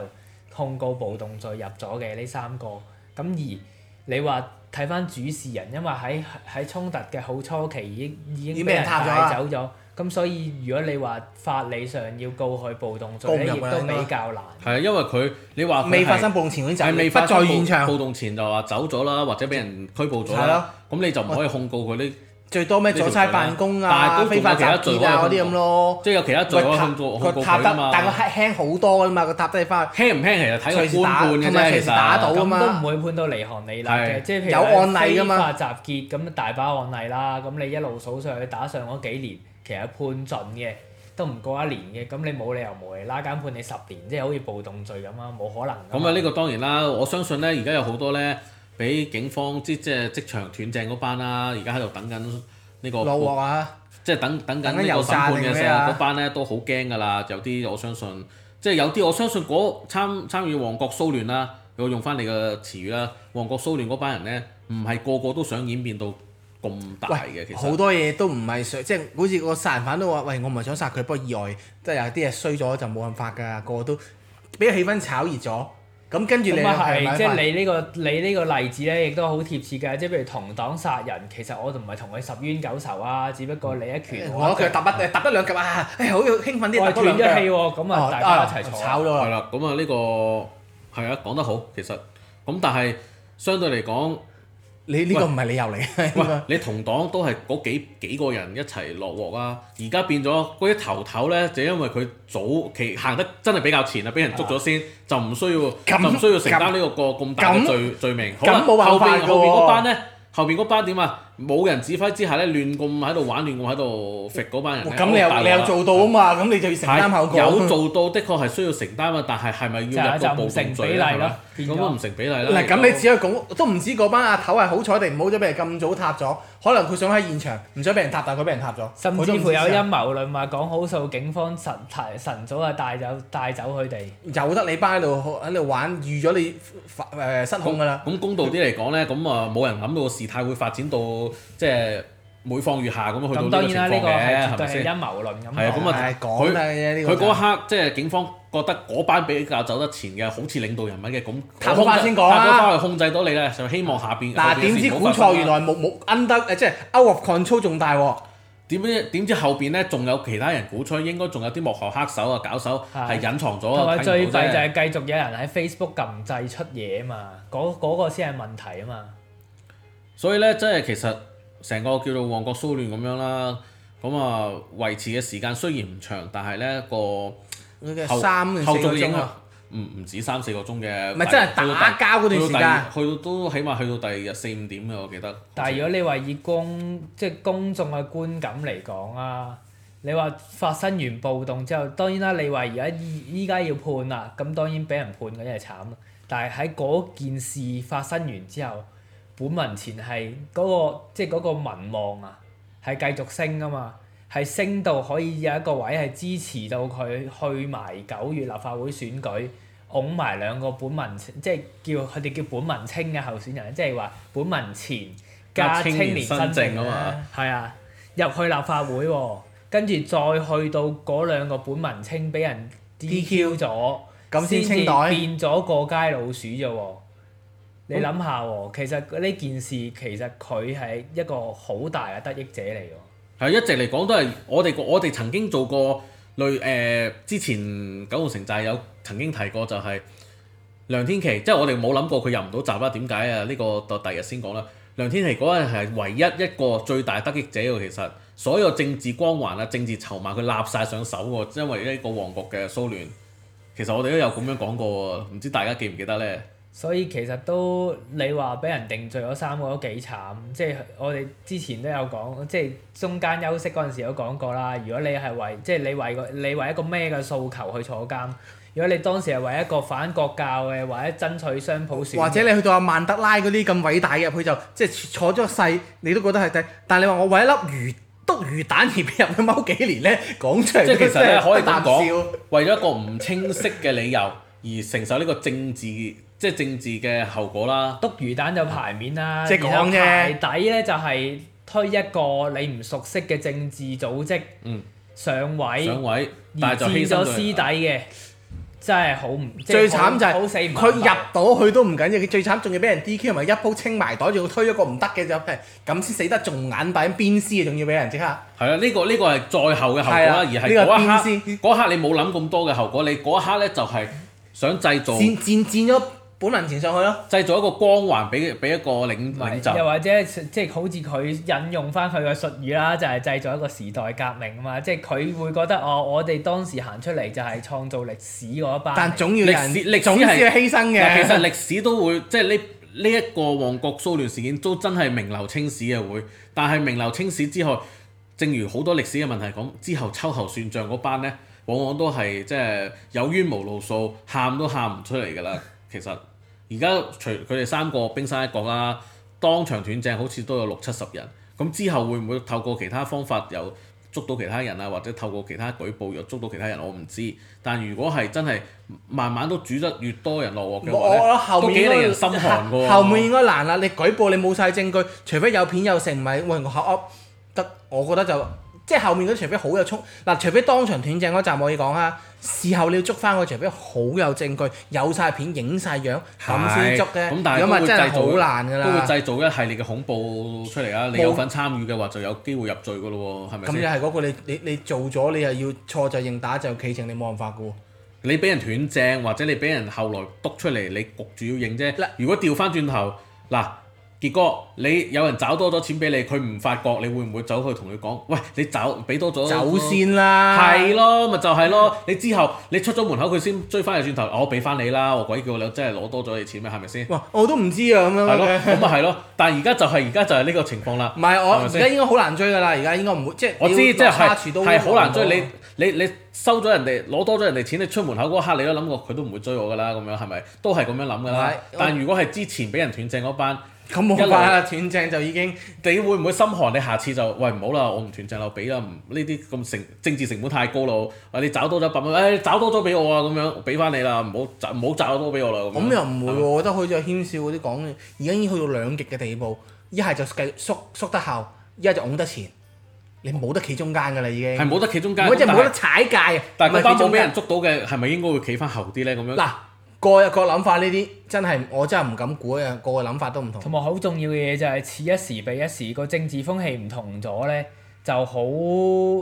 Speaker 3: 控告暴動罪入咗嘅呢三個。咁而你話？睇翻主持人，因為喺喺衝突嘅好初期已經已經俾人帶走咗，咁所以如果你話法理上要告佢暴動罪，咁亦都比較難。
Speaker 1: 係啊，因為佢你話未發生暴動前已經走，係未發生現場。暴動前就話走咗啦，或者俾人拘捕咗啦，咁了你就唔可以控告佢啲。我最多咩？阻差辦公啊，非法集結啊嗰啲咁
Speaker 3: 咯。即係有其他罪，啊，佢但係佢輕
Speaker 2: 好多噶嘛，佢塔得翻。
Speaker 1: 輕唔輕其
Speaker 3: 實睇佢判嘅啫，其實。嘛，都唔會判到離行離例嘅，即係是譬如非法集結咁大把案例啦。咁你一路數上去打上嗰幾年，其實判盡嘅，都唔過一年嘅。咁你冇理由無啦啦。筋判你十年，即係好似暴動罪咁啊，冇可能。
Speaker 1: 咁啊、嗯，呢、呢個當然啦，我相信咧，而家有好多咧。俾警方即即係即場斷正嗰班啦，而家喺度等緊呢個，即係等等緊有審判嘅時候，嗰班咧都好驚㗎啦。有啲我相信，即係有啲我相信嗰參參與旺角騷亂啦，用用翻你嘅詞語啦，旺角騷亂嗰班人咧，唔係個個都想演變到咁大嘅。其實好多
Speaker 2: 嘢都唔係想即係，好似個殺人犯都話：喂，我唔係想殺佢，不過意外即係有啲嘢衰咗就冇辦法㗎。個個都俾氣氛炒熱咗。咁跟住，咁啊係，係係即係你呢、
Speaker 3: 呢個嗎你呢個例子咧，亦都好貼切㗎。即係譬如同黨殺人，其實我就唔係同佢十冤九仇啊，只不過你一拳，哎、我佢揼一揼得兩腳啊，誒、哎、好要興奮啲，我斷咗氣喎。咁啊，啊哦、大家一
Speaker 1: 齊吵咗啦。係啦、啊，咁啊呢、呢個係啊講得好，其實咁但係相對嚟講。你呢、這個唔係理由嚟嘅，喂 你同黨都係嗰幾幾個人一齊落鑊啊！而家變咗嗰啲頭頭咧，就因為佢早期行得真係比較前啊，俾人捉咗先，就唔需要、啊、就唔需、啊、需要承擔呢、這個、啊、個咁大嘅罪、啊、罪名。後邊後邊嗰班咧，後邊嗰班點啊？冇人指揮之下咧，亂咁喺度玩，亂咁喺度搵嗰班人。咁、哦、你有我我你有做到啊嘛？咁、嗯、你就要承擔後果。有做到的確係需要承擔啊，但係係咪要入一個暴動罪比例？係咪？咁都唔成比例啦。嗱、嗯，咁你只
Speaker 2: 係講都唔知嗰班阿頭係好彩定唔好彩，俾人咁早塌咗。可能佢想喺現場，唔想俾人塌，但佢俾人
Speaker 3: 塌咗。甚至乎有陰謀論話講好數，警方晨提晨早啊帶走帶走佢哋。由得你班喺度喺
Speaker 2: 度玩，預咗你
Speaker 1: 誒、呃、失控㗎啦。咁公道啲嚟講咧，咁啊冇人諗到個事態會發展到。即係每況愈下咁樣去到當然啦，呢個，係咪先？係陰謀
Speaker 3: 論咁講。係講嘅呢佢嗰一
Speaker 1: 刻即係警方覺得嗰班比較走得前嘅，好似領導人物嘅咁。先講啊！嗰班係控制到你啦，就希望下邊。嗱，點知估錯原來木木 under，即係 out of control，仲大喎？點知點知後邊咧仲有其他人鼓吹，應該仲有啲幕後黑手啊、搞手係隱藏咗啊。最弊就係
Speaker 3: 繼續有人喺 Facebook 撳掣出嘢啊嘛，嗰個先係問題啊嘛。
Speaker 1: 所以咧，真係其實成個叫做旺角騷亂咁樣啦，咁啊維持嘅時間雖然唔長，但係咧個三、個鐘啊，唔唔止三、四個鐘嘅。唔係真係打交嗰段時間，去到都起碼去到第二日四五點嘅，我記得。但係如果
Speaker 3: 你話以公即係公眾嘅觀感嚟講啊，你話發生完暴動之後，當然啦、啊，你話而家依依家要判啊，咁當然俾人判嗰啲係慘啦。但係喺嗰件事發生完之後。本民前係嗰、那個即係嗰個民望啊，係繼續升啊嘛，係升到可以有一個位係支持到佢去埋九月立法會選舉，擁埋兩個本民，即係叫佢哋叫本民青嘅候選人，即係話本民前加青年新政啊嘛，係啊，入、啊、去立法會喎、啊，跟住再去到嗰兩個本民青俾人 DQ 咗，咁先至變咗過街老鼠啫喎、啊。你諗下喎，其實呢件事其實佢係一個好大嘅得益者嚟喎。
Speaker 1: 係一直嚟講都係我哋我哋曾經做過類誒、呃，之前《九龍城寨》有曾經提過就係、是、梁天琦，即係我哋冇諗過佢入唔到閘啦，點解啊？呢、這個到第日先講啦。梁天琦嗰陣係唯一一個最大得益者喎，其實所有政治光環啊、政治籌碼佢立晒上手喎，因為呢個亡國嘅蘇聯。其實我哋都有咁樣講過喎，唔知大家記唔記得咧？
Speaker 3: 所以其實都你話俾人定罪嗰三個都幾慘，即係我哋之前都有講，即係中間休息嗰陣時有講過啦。如果你係為即係你為個你為一個咩嘅訴求去坐監？如果你當時係為一個反國教嘅或者爭取雙普選，或者你
Speaker 2: 去到曼德拉嗰啲咁偉大嘅，佢就即係坐咗世，你都覺得係抵。但係你話我為一粒魚篤魚蛋而俾人，去踎幾年咧，講出即係其實你可以咁講，
Speaker 1: 為咗一個唔清晰嘅理由而承受呢個政治。即政治嘅後果啦，篤魚蛋有牌
Speaker 3: 面啦，然後牌底咧就係推一個你唔熟悉嘅政治組織上位，上位，而係黐咗私底嘅，真係好唔最慘就係佢入
Speaker 2: 到去都唔緊要，最慘仲要俾人 DQ，同埋一鋪清埋袋，仲要推咗個唔得嘅就係咁先死得，仲眼大咁鞭屍，仲要俾人即刻。
Speaker 1: 係啊，呢個呢個係再後嘅後果啦，而係嗰一刻嗰刻你冇諗咁多嘅後果，你嗰一刻咧就係想製造佔佔咗。本能前上去咯，製造一個光環俾，俾一個領領袖，又或
Speaker 3: 者即係好似佢引用翻佢嘅術語啦，就係、是、製造一個時代革命嘛。即係佢會覺得哦，我哋當時行出嚟就係創造歷史嗰班，但總要人，總要犧牲嘅。其實歷
Speaker 1: 史都會，即係呢呢一個旺角騷亂事件都真係名留青史嘅會，但係名留青史之後，正如好多歷史嘅問題講，之後秋後算賬嗰班呢，往往都係即係有冤無路訴，喊都喊唔出嚟㗎啦。 其實而家除佢哋三個冰山一角啦，當場斷正好似都有六七十人，咁之後會唔會透過其他方法又捉到其他人啊？或者透過其他舉報又捉到其他人，我唔知。但如果係真係慢慢都煮得越多人落鑊嘅話，我我後面都幾令人心寒嘅。後面應該
Speaker 2: 難啦，你舉報你冇晒證據，除非有片有成，唔係喂我口噏得，我覺得就即係後面嗰啲，除非好有衝嗱，除非當場斷正嗰集我可以講啊。事後你要捉翻佢，除非好有證據，有晒片、影晒樣、咁先是捉嘅，咁咪真係好難㗎啦。都會製
Speaker 1: 造一系列嘅恐怖出嚟啊！沒你有份參與嘅話，就有機會入罪㗎咯喎，係咪先？咁又係
Speaker 2: 嗰個你你你做咗，你又要錯就認打就企定，你冇辦法㗎喎。
Speaker 1: 你俾人斷正，或者你俾人後來督出嚟，你焗住要認啫。如果調翻轉頭嗱。結果你有人找多咗錢俾你，佢唔發覺，你會唔會走去同佢講？喂，你找俾多咗。走先啦。係咯，咪就係咯。你之後你出咗門口，佢先追翻你轉頭。我俾翻你啦，我鬼叫你真係攞多咗你錢咩？係咪先？哇！我都唔知啊咁樣。係咯，咁咪係咯。但係而家就係而家就係呢個情況啦。唔係我而家應該好
Speaker 2: 難追噶啦，而家應該唔會即係。我知即係係好難追。你
Speaker 1: 你你收咗人哋攞多咗人哋錢，你出門口嗰刻，你都諗過佢都唔會追我噶啦。咁樣係咪都係咁樣諗噶啦？但係如果係之前俾人斷正嗰班。咁冇辦法，斷正就已經，你會唔會心寒？你下次就喂，唔好啦，我唔斷正就俾啦，呢啲咁成政治成本太高咯。話你找多咗百蚊，誒、哎、找多咗俾我啊，咁樣俾翻你啦，唔好找唔好找多俾我啦。咁又唔會，嗯、我
Speaker 2: 覺得佢就謙笑嗰啲講，而家已經去到兩極嘅地步，一係就計縮縮得後，一係就擁得前，你冇得企中間㗎啦已經。係冇得企中間，即係冇得
Speaker 1: 踩界。但係翻冇俾人捉到嘅，係咪應該會企
Speaker 3: 翻後啲咧？咁樣嗱。各有各諗法，呢啲真係我真係唔敢估啊！個個諗法都唔同。同埋好重要嘅嘢就係、是、此一時彼一時，個政治風氣唔同咗咧，就好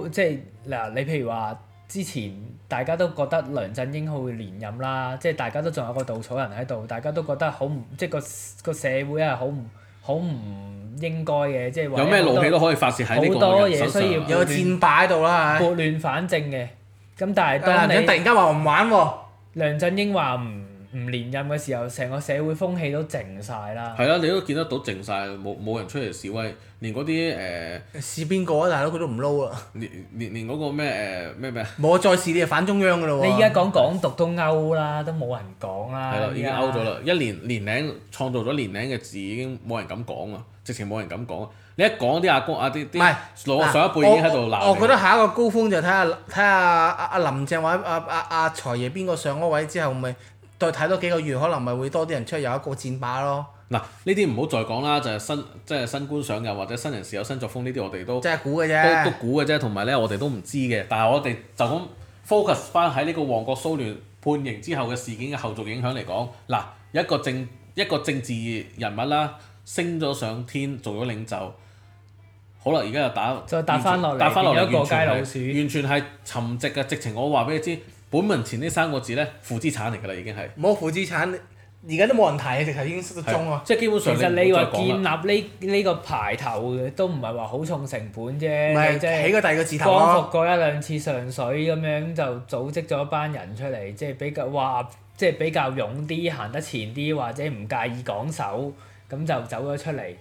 Speaker 3: 即係嗱，你譬如話之前大家都覺得梁振英好會連任啦，即係大家都仲有個稻草人喺度，大家都覺得好唔即係個個社會係好唔好唔應該嘅，即係話有咩怒氣都可以發泄喺度，好多嘢需要有箭擺喺度啦，係撥、啊、亂反正嘅。咁但係當你、啊、突然間話唔玩喎、啊，梁振英話唔。唔連任嘅時候，成個社會風氣都靜晒啦。
Speaker 1: 係啦、啊，你都見得到靜晒，冇冇人出嚟示威，連嗰啲誒。示邊個啊？大佬佢都唔撈啦。連連連嗰個咩誒咩咩？
Speaker 2: 冇、
Speaker 3: 呃、再示你係反中央嘅咯喎。你依家講港獨都勾啦，都冇人講啦。係啦、啊，已經勾咗啦。
Speaker 1: 一年年齡創造咗年齡嘅字已經冇人敢講啊，直情冇人敢講啊。你一講啲阿哥阿啲啲，老是上一輩已經喺度鬧。我覺得
Speaker 2: 下一個高峰就睇下睇下阿林鄭或者阿阿阿財爺邊個上咗位之後咪。再睇多幾個月，可能咪會多啲人出去，有一個戰靶咯。
Speaker 1: 嗱，呢啲唔好再講啦，就係、是、新即係、就是、新官上任又或者新人事有新作風呢啲，我哋都即係估嘅啫，都估嘅啫。同埋咧，我哋都唔知嘅。但係我哋就咁 focus 翻喺呢個旺角騷亂判刑之後嘅事件嘅後續影響嚟講，嗱，一個政一個政治人物啦，升咗上天做咗領袖，好啦，而家又打再打翻落嚟，打翻落嚟一個街老鼠完全係沉寂嘅。直情我話俾你知。本文前呢三個字咧，負資產嚟㗎啦，已經係
Speaker 3: 冇負資產，而家都冇人提，直頭已經失咗蹤咯。即係基本上，其實你話建立呢呢個牌頭， 都唔係話好重成本啫。起個第二個字頭。光復過一兩次上水咁樣，就組織咗一班人出嚟，即係比較哇，即係比較勇啲，行得前啲，或者唔介意講手，咁就走咗出嚟。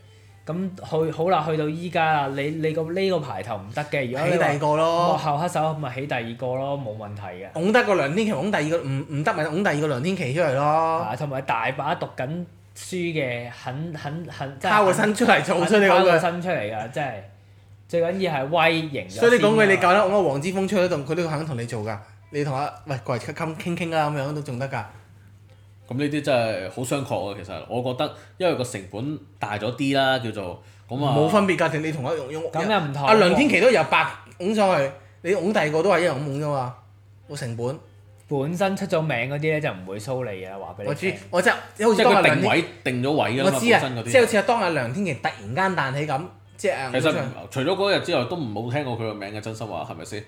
Speaker 3: 咁去好啦，去到依家啦，你你個呢個排頭唔得嘅，如果起第二個，幕後黑手咪起第二個咯，冇問題嘅。拱得個梁天琪拱第二個，唔唔得咪拱第二個梁天琪出嚟咯。同埋大把讀緊書嘅肯肯肯。拋個身出嚟，做出你嗰句。拋個身出嚟㗎，真係、嗯。最緊要係威型。所以你講句，你夠
Speaker 2: 膽揞個黃之鋒出得動，佢都會肯同你做㗎。你同阿喂過嚟傾傾啦，咁樣都仲得㗎。
Speaker 1: 咁呢啲真係好商榷啊！其實我覺得，因為個成本大咗啲啦，叫做咁啊冇分別㗎，定你同一用用。咁又唔同。阿梁天琦都由白
Speaker 3: 捧上去，你捧第二個都係一樣捧啫嘛。個成本本身出咗名嗰啲咧就唔會騷你啊！話俾你知，我即係即係個定位
Speaker 1: 定咗位㗎嘛，本身嗰啲即係好似
Speaker 2: 阿當阿梁天琦突然間彈起咁，即係其實
Speaker 1: 除咗嗰日之外，都唔冇聽過佢個名嘅，真心話係咪先？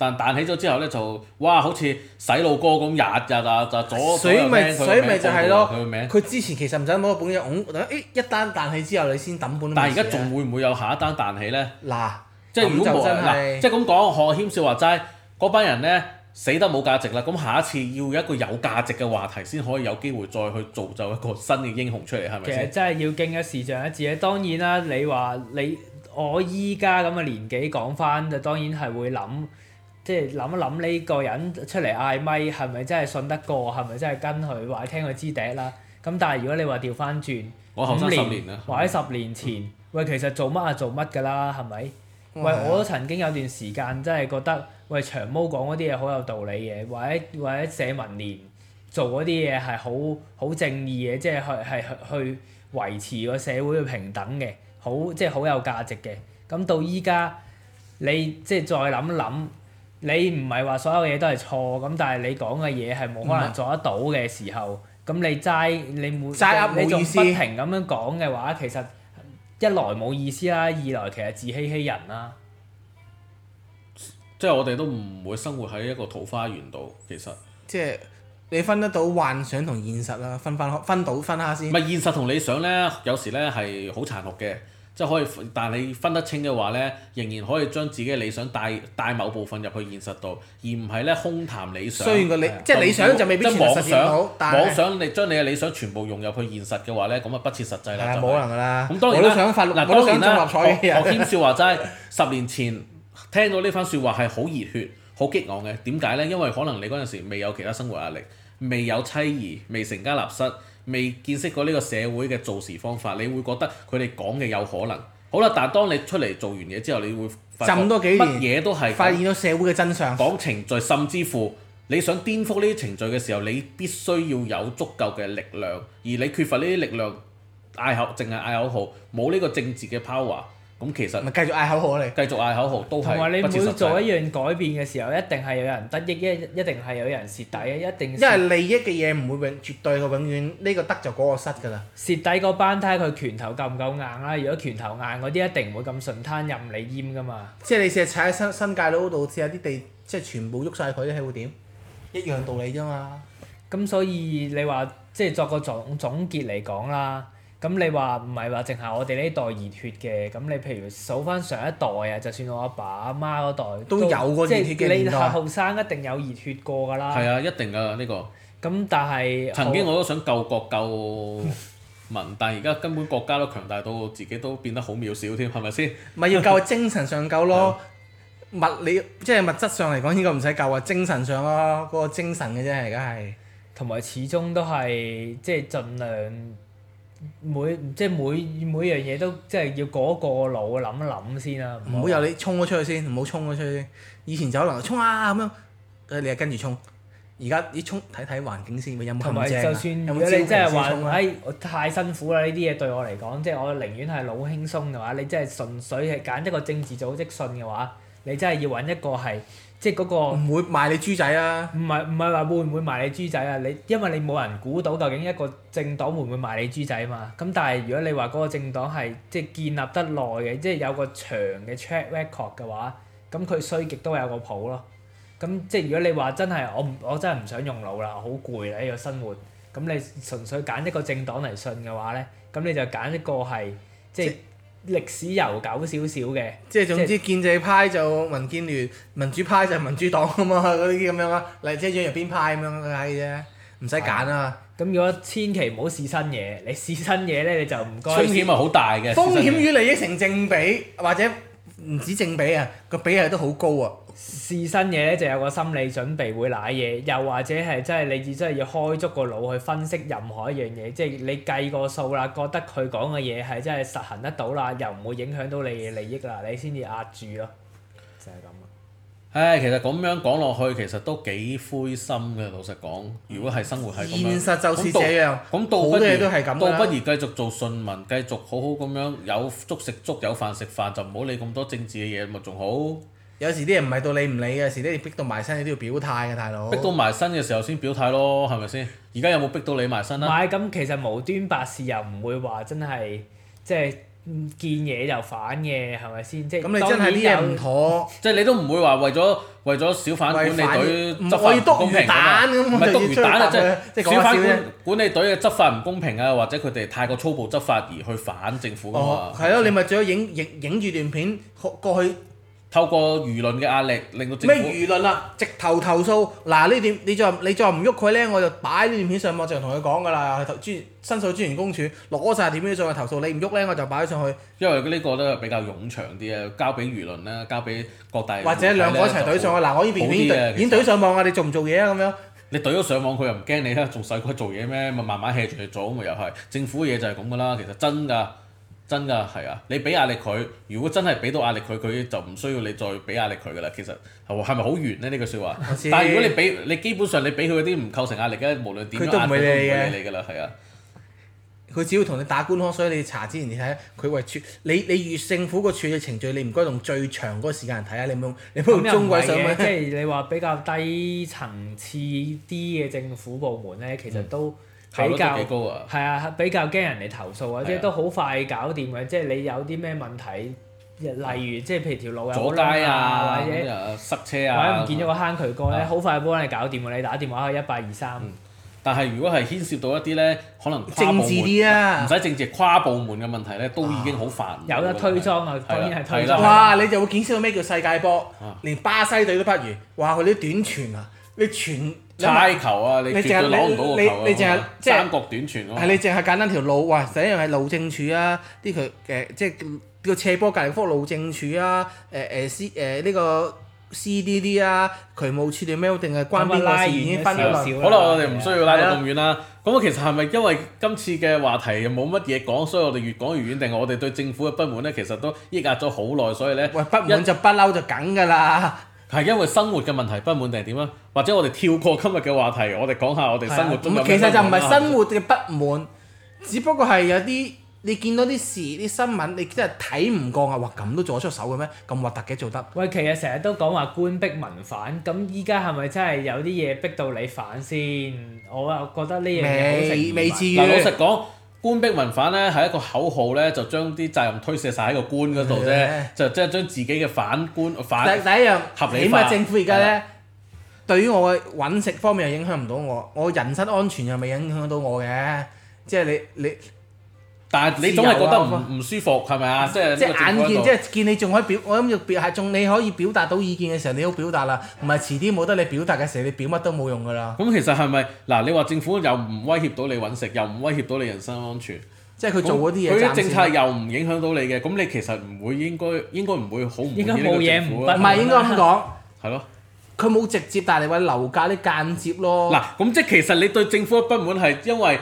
Speaker 1: 但彈起咗之後咧，就哇好似洗腦歌咁日日啊，就水味，水味就係囉。
Speaker 2: 佢之前其實唔使攞個本嘢，恐誒一單彈起之後你，你先抌本。但係而家仲
Speaker 1: 會唔會有下一單彈起咧？嗱，即係如果冇，即係咁講，何謙少話齋嗰班人咧死得冇價值啦。咁下一次要一個
Speaker 3: 有價值嘅話題，先可以有機會再去造就一個新嘅英雄出嚟，係咪先？其實真係要經一事長一智。啊！當然啦，你話你我依家咁嘅年紀講翻，就當然係會諗。即係諗一諗呢、呢個人出嚟嗌咪係咪真係信得過？係咪真係跟佢或者聽佢支笛啦？咁但係如果你話調翻轉五年，我十年或者十年前、嗯、喂，其實做乜啊做乜㗎啦？係咪、嗯、喂？我都曾經有段時間真係覺得喂長毛講嗰啲嘢好有道理嘅，或者或者社民連做嗰啲嘢係好好正義嘅，即係係係去維持個社會平等嘅，好即係好有價值嘅。咁到依家你即係再諗一諗一諗。你唔係話所有嘢都係錯，咁但係你講嘅嘢係冇可能做得到嘅時候，咁是你齋你冇齋噏冇意思。停咁樣講嘅話，其實一來冇意思啦，二來其實自欺欺人啦。
Speaker 1: 即係我哋都唔會生活喺一個桃花源度，其實。即係
Speaker 2: 你分得到幻想同現實啦，分翻分到分下先。唔係
Speaker 1: 現實同理想咧，有時咧係好殘酷嘅。即係可以，但你分得清嘅話咧，仍然可以將自己嘅理想帶帶某部分入去現實度，而唔係咧空談理想。雖然個理是即係理想就未必實現到，但係妄想，妄想你將你嘅理想全部融入去現實嘅話咧，咁就不切實際對、就是、啦。係冇可能㗎啦。咁當然啦。嗱當然啦。我謠言説話齋 十年前聽到呢番説話係好熱血、好激昂嘅。點解咧？因為可能你嗰陣時未有其他生活壓力，未有妻兒，未成家立室。未見識過呢個社會嘅做事方法，你會覺得佢哋講嘅有可能。好啦，但係當你出嚟做完嘢之後，你會發，乜嘢都係發現咗社會嘅真相。講程序，甚至乎你想顛覆呢啲程序嘅時候，你必須要有足夠嘅力量，而你缺乏呢啲力量，嗌口淨
Speaker 3: 係嗌口號，冇呢個政治嘅 power。咁其實咪繼續嗌口號你繼續嗌口號都係。同埋你每做一樣改變嘅時候，一定係有人得益，一一定係有人蝕底，一定。因為利
Speaker 2: 益嘅嘢唔會永絕對嘅，永遠呢、呢個得就嗰個失噶啦。
Speaker 3: 蝕底個班睇下佢拳頭夠唔夠硬啦？如果拳頭硬嗰啲一定唔會咁順攤任你淹噶嘛。
Speaker 2: 即係你成日踩
Speaker 3: 喺新新界度度試下啲地，
Speaker 2: 即係全部喐晒佢，睇會點？一樣道理啫嘛。
Speaker 3: 咁、嗯、所以你話即係作個總總結嚟講啦。咁你話唔係話淨係我哋呢代熱血嘅，咁你譬如數翻上一代啊，就算我阿爸阿媽嗰代都有嗰熱血嘅年代。後生一定有熱血過㗎啦。係啊，一
Speaker 1: 定㗎呢個。
Speaker 3: 咁但係曾經我
Speaker 1: 都想救國救民，但而家根本國家都強大到自己都變得好渺小添，係咪先？咪要救
Speaker 2: 精神上救咯，物理，即係物質上嚟講應該唔使救啊，精神上啊，嗰個精神嘅啫，而家係。
Speaker 3: 同埋始終都係即係盡量。每即係每每樣嘢都即係要過一過個腦諗一諗先啦。唔好由你
Speaker 2: 衝咗出去先，唔好衝咗出去先。以前走樓衝啊咁樣，你又跟住衝。而家你衝睇睇環境先，有冇咁，咪同埋就算你真係話唉，
Speaker 3: 太辛苦啦！呢啲嘢對我嚟講，即係我寧願係老輕鬆嘅話，你真係純粹係揀一個政治組織信嘅話，你真係要揾一個係。即係、那、嗰個唔會賣你豬仔啊！唔係唔係話會唔會賣你豬仔啊？你因為你冇人估到究竟一個政黨會唔會賣你豬仔嘛？咁但係如果你話嗰個政黨係即係建立得耐嘅，即係有個長嘅 track record 嘅話，咁佢衰極都有個譜咯。咁即係如果你話真係我我真係唔想用腦啦，好攰啦呢個生活，咁你純粹揀一個政黨嚟信嘅話咧，咁你就揀一個係即係。即歷史悠久少少嘅，即係總之建制派就
Speaker 2: 民建聯，民主派就民主黨啊嘛，嗰啲咁樣啦。例如即係左入邊派咁樣嗰啲啫，
Speaker 3: 唔使揀啊。咁如果千祈唔好試新嘢，你試新嘢咧你就唔該。風險係好大嘅，風險與利益成正比，或者唔止正比啊，個比例都好高啊。試新嘢咧，就有個心理準備會賴嘢，又或者係真係你要真係要開足個腦去分析任何一樣嘢，即係你計個數啦，覺得佢講嘅嘢係真係實行得到啦，又唔會影響到你嘅利益啦，你先至壓住咯。就係咁啊！
Speaker 1: 唉，其實咁樣講落去，其實都幾灰心嘅。老實講，如果係生活係咁樣，現實就係咁樣。咁到不如都係咁啦。到不如繼續做順民，繼續好好咁樣有粥食粥，有飯食飯，就唔好理咁多政治嘅嘢，咪仲好。
Speaker 2: 有時啲嘢唔係到你唔理嘅事咧，你逼到埋身你都要表態㗎，大佬。逼到
Speaker 1: 埋身嘅時候先表態咯，
Speaker 3: 係咪先？而家有冇逼到你埋身啊？唔係，咁其實無端白事又唔會話真係即係見嘢就反嘅係咪先？即係咁你真係啲嘢唔妥。
Speaker 1: 即係你都唔會話為咗為咗小販管理隊執法唔公平㗎嘛？唔係篤魚蛋啊！即係小販管理隊嘅執法唔公平啊，或者佢哋太過粗暴執法而去反政府㗎嘛？係咯，
Speaker 2: 你咪最好影影影住段片去過去。透過輿論嘅壓力，令到政府咩輿論啊？直頭投，投訴，嗱呢點你再你再唔喐佢咧，我就擺呢段片上網就，就同佢講噶啦，專申訴專員公署攞晒點片上去投訴，你唔喐咧，我就擺上去。
Speaker 1: 因為呢個都係比較冗長啲啊，交俾輿論啦，交俾各大或者兩個一齊懟上很對啊！嗱，我依邊已經懟上網啊！你做唔做嘢啊？咁樣你懟咗上網，佢又唔驚你啦，仲使鬼做嘢咩？咪慢慢吃住佢住做咁又係政府嘅嘢就係咁噶啦，其實真㗎。真㗎，係啊！你俾壓力佢，如果真係俾到壓力佢，佢就唔需要你再俾壓力佢㗎喇。其實係咪好圓咧呢句説話？但係如果你俾你基本上你俾佢嗰啲唔構成壓力嘅，無論點，佢都唔會都理，會理，會理會你嘅啦。係啊，
Speaker 2: 佢只要同你打官腔，所以你查之前你睇下，佢為處你你越政府個處理程序，你唔該用最長嗰個時間睇下，你唔用
Speaker 1: 你唔用中鬼上咩？即係
Speaker 3: 你話比較低層次啲嘅政府部門咧，其實都、嗯。比較係啊，比較驚人哋投訴啊，即係都好快搞掂嘅。即係你有啲咩問題，例如即係譬如條路啊，阻街啊，或者塞車啊，或者唔見咗個坑渠哥咧，好快幫你搞掂嘅。你打電話去一八二三。但係如果係牽涉到一啲咧，可能政治啲啊，唔使政治跨部門
Speaker 1: 嘅問題咧，都已經好煩。有得推莊啊，當然係推莊。哇！
Speaker 2: 你就會見識到咩叫世界波，連巴西隊都不如。哇！佢啲短傳啊，啲傳。拉球啊！你你淨係攞唔到個球啊！三角短傳咯，係你淨係簡單條路。哇！第一樣係路政處啊，啲佢誒即係叫斜坡隔籬福路政處啊，誒誒司誒呢個 CDD 啊，渠務處定咩？定係關邊拉，已經分咗少。好、啊、可
Speaker 1: 能我哋唔需要拉到咁遠啦。咁啊，啊其實係咪因為今次嘅話題冇乜嘢講，所以我哋越講越遠，定係我哋對政府嘅不滿咧，其實都抑壓咗好耐，所以咧，不滿就不嬲就梗㗎啦。 係因為生活嘅問題不滿定係點啊？或者我哋跳過今日嘅話題，我哋講下我哋生活中有咩啊、嗯？其實就唔係生
Speaker 2: 活嘅不滿，啊、只不過係有啲你見到
Speaker 3: 啲事、啲、嗯、新聞，你真係睇唔過啊！哇，咁都做得出手嘅咩？咁核突嘅做得？喂，其實成日都講話官逼民反，咁依家係咪真係有啲嘢逼到你反先？我啊覺得呢樣嘢未未至於。老實
Speaker 1: 講。官逼民反咧係一個口號咧，就將啲責任推卸晒喺個官嗰度啫，就即係將自己嘅反官反第一樣合理化。政府
Speaker 2: 而家咧，是的 對於我嘅搵食方面又影響唔到我，我人身安全又未影響到我嘅，即係你你。你但係你總係覺得唔唔
Speaker 1: 舒服係咪啊？即係即係眼見，即
Speaker 2: 係見你仲可以表，我諗要表係仲你可以表達到意見嘅時候，你好表達啦。唔係遲啲冇得你表達嘅時候，你表乜都冇用㗎啦。
Speaker 1: 咁其實係咪嗱？你話政府又唔威脅到你揾食，又唔威脅到你人身安全，即係佢做嗰啲嘢，佢啲政策又唔影響到你嘅。咁你其實唔會應該應該唔會好唔滿意，應該冇嘢，個政府。唔係應該咁講。係咯。佢冇直接，但你
Speaker 2: 話樓價你間接咯。嗱，
Speaker 1: 咁即係其實你對政府嘅不滿係因為。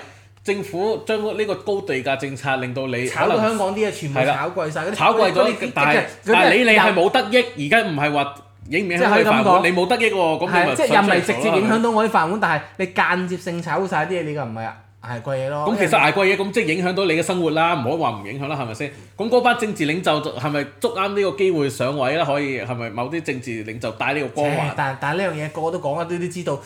Speaker 1: 政府將呢個高地價政策令到你炒到香港啲嘢全部炒貴晒。炒貴咗。但係你你係冇得益，而家唔係話影唔影響到啲飯碗，你冇得益喎。咁你咪即係又唔係直接影響到
Speaker 2: 我啲飯碗，但係你間接性炒晒啲嘢，你就唔係啊，捱貴嘢咯。咁其實
Speaker 1: 捱貴嘢，咁即係影響到你嘅生活啦，唔可以話唔影響啦，係咪先？咁嗰班政治領袖係咪捉啱呢個機會上位啦？可以係咪某啲政治領袖帶呢個光環？啊？
Speaker 2: 但但呢樣嘢個個都講啊，都都知道。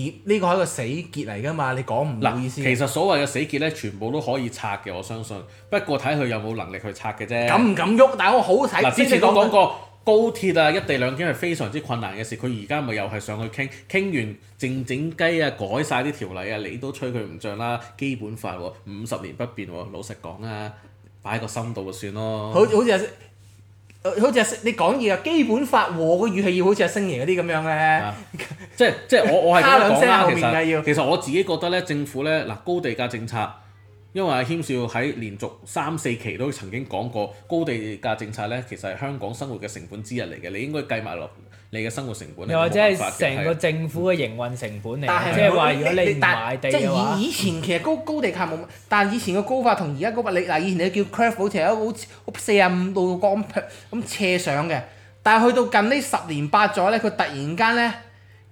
Speaker 2: 呢個係一個死結
Speaker 1: 嚟㗎嘛，你講唔好意思。其實所謂嘅死結咧，全部都可以拆嘅，我相信。不過睇佢有冇能力去拆嘅啫。敢唔敢喐？但我好睇、啊。之前都講過、嗯、高鐵啊，一地兩檢係非常之困難嘅事。佢而家咪又係上去傾，傾完靜靜雞啊，改晒啲條例啊，你都吹佢唔漲啦。基本法五、啊、十年不變喎、啊，老實講啊，擺喺個心度就算咯。好似好
Speaker 2: 似好似阿星，你講嘢啊，基本法和個語氣要好似阿星爺嗰啲咁樣嘅、
Speaker 1: 啊。 即即我我係卡兩聲其實,要其實我自己覺得咧，政府咧嗱，高地價政策。因為阿謙少喺連續三四期都曾經講過高地價政策咧，其實係香港生活嘅成本之一嚟嘅，你應該計埋
Speaker 3: 落你嘅生活成本。又或者係成個政府嘅營運成本嚟，即係話如果你唔買地嘅話。即係以以
Speaker 2: 前其實高高地價冇乜，但係以前嘅高法同而家高法，你嗱以前你叫 Craft 好似係一個好似四十五度嘅角咁咁斜上嘅，但係去到近呢十年八載咧，佢突然間咧。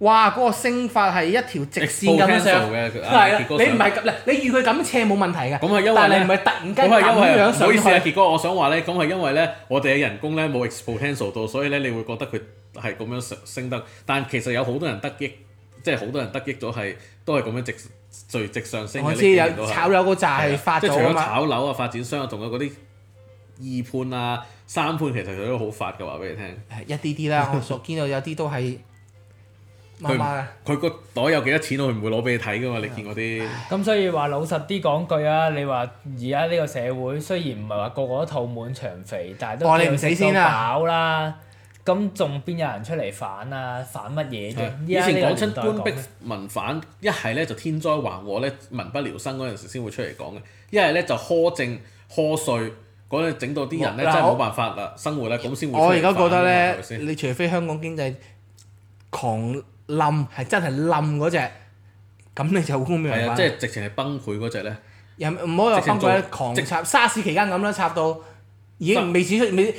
Speaker 2: 哇！嗰個升法係一條直線咁樣上，係啦，你唔係咁，你預佢咁斜冇問題嘅，因為但係唔係突然間咁樣上升。唔好
Speaker 1: 意思啊，杰哥，我想話咧，咁係因為咧，我哋嘅人工咧冇 exponential 度，的所以咧你會覺得佢係咁樣上升得，但其實有好多人得益，即係好多人得益咗係都係咁樣直垂直上升。好似有炒樓嗰扎係發，即係除咗炒樓啊、發展商啊，仲有嗰啲二判啊、三判，其實佢都好發嘅，話俾你聽。
Speaker 2: 一啲啲啦，我
Speaker 3: 所見到有啲都係。
Speaker 1: 佢佢個袋有幾多錢，我係唔會攞俾你睇噶嘛！你見嗰啲
Speaker 3: 咁，所以話老實啲講句啊！你話而家呢個社會雖然唔係話個個都肚滿腸肥，但係都餓你唔死先啦，飽啦。咁仲邊有人出嚟反啊？反乜嘢嘅？以前講出官逼
Speaker 1: 民反，一係咧就天災橫禍咧，民不聊生嗰陣時先會出嚟講嘅。一係咧就苛政苛稅嗰陣，整到啲人咧真係冇辦法啦，生活啦咁先會。我而家覺得咧，你
Speaker 2: 除非香港經濟狂。冧係真係冧嗰隻，咁你
Speaker 1: 就供唔到人。係啊，即係直情係崩潰嗰隻咧。
Speaker 2: 又唔好又崩潰，直狂插直接沙士期間咁啦，插到已經未指出未，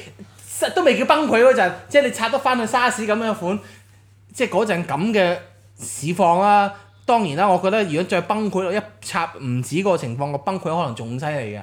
Speaker 2: 都未叫崩潰嗰陣。即係你插多翻去沙士咁樣款，即係嗰陣咁嘅市況啦、啊。當然啦，我覺得如果再崩潰，一插唔止個情況，個崩潰可能仲犀利嘅。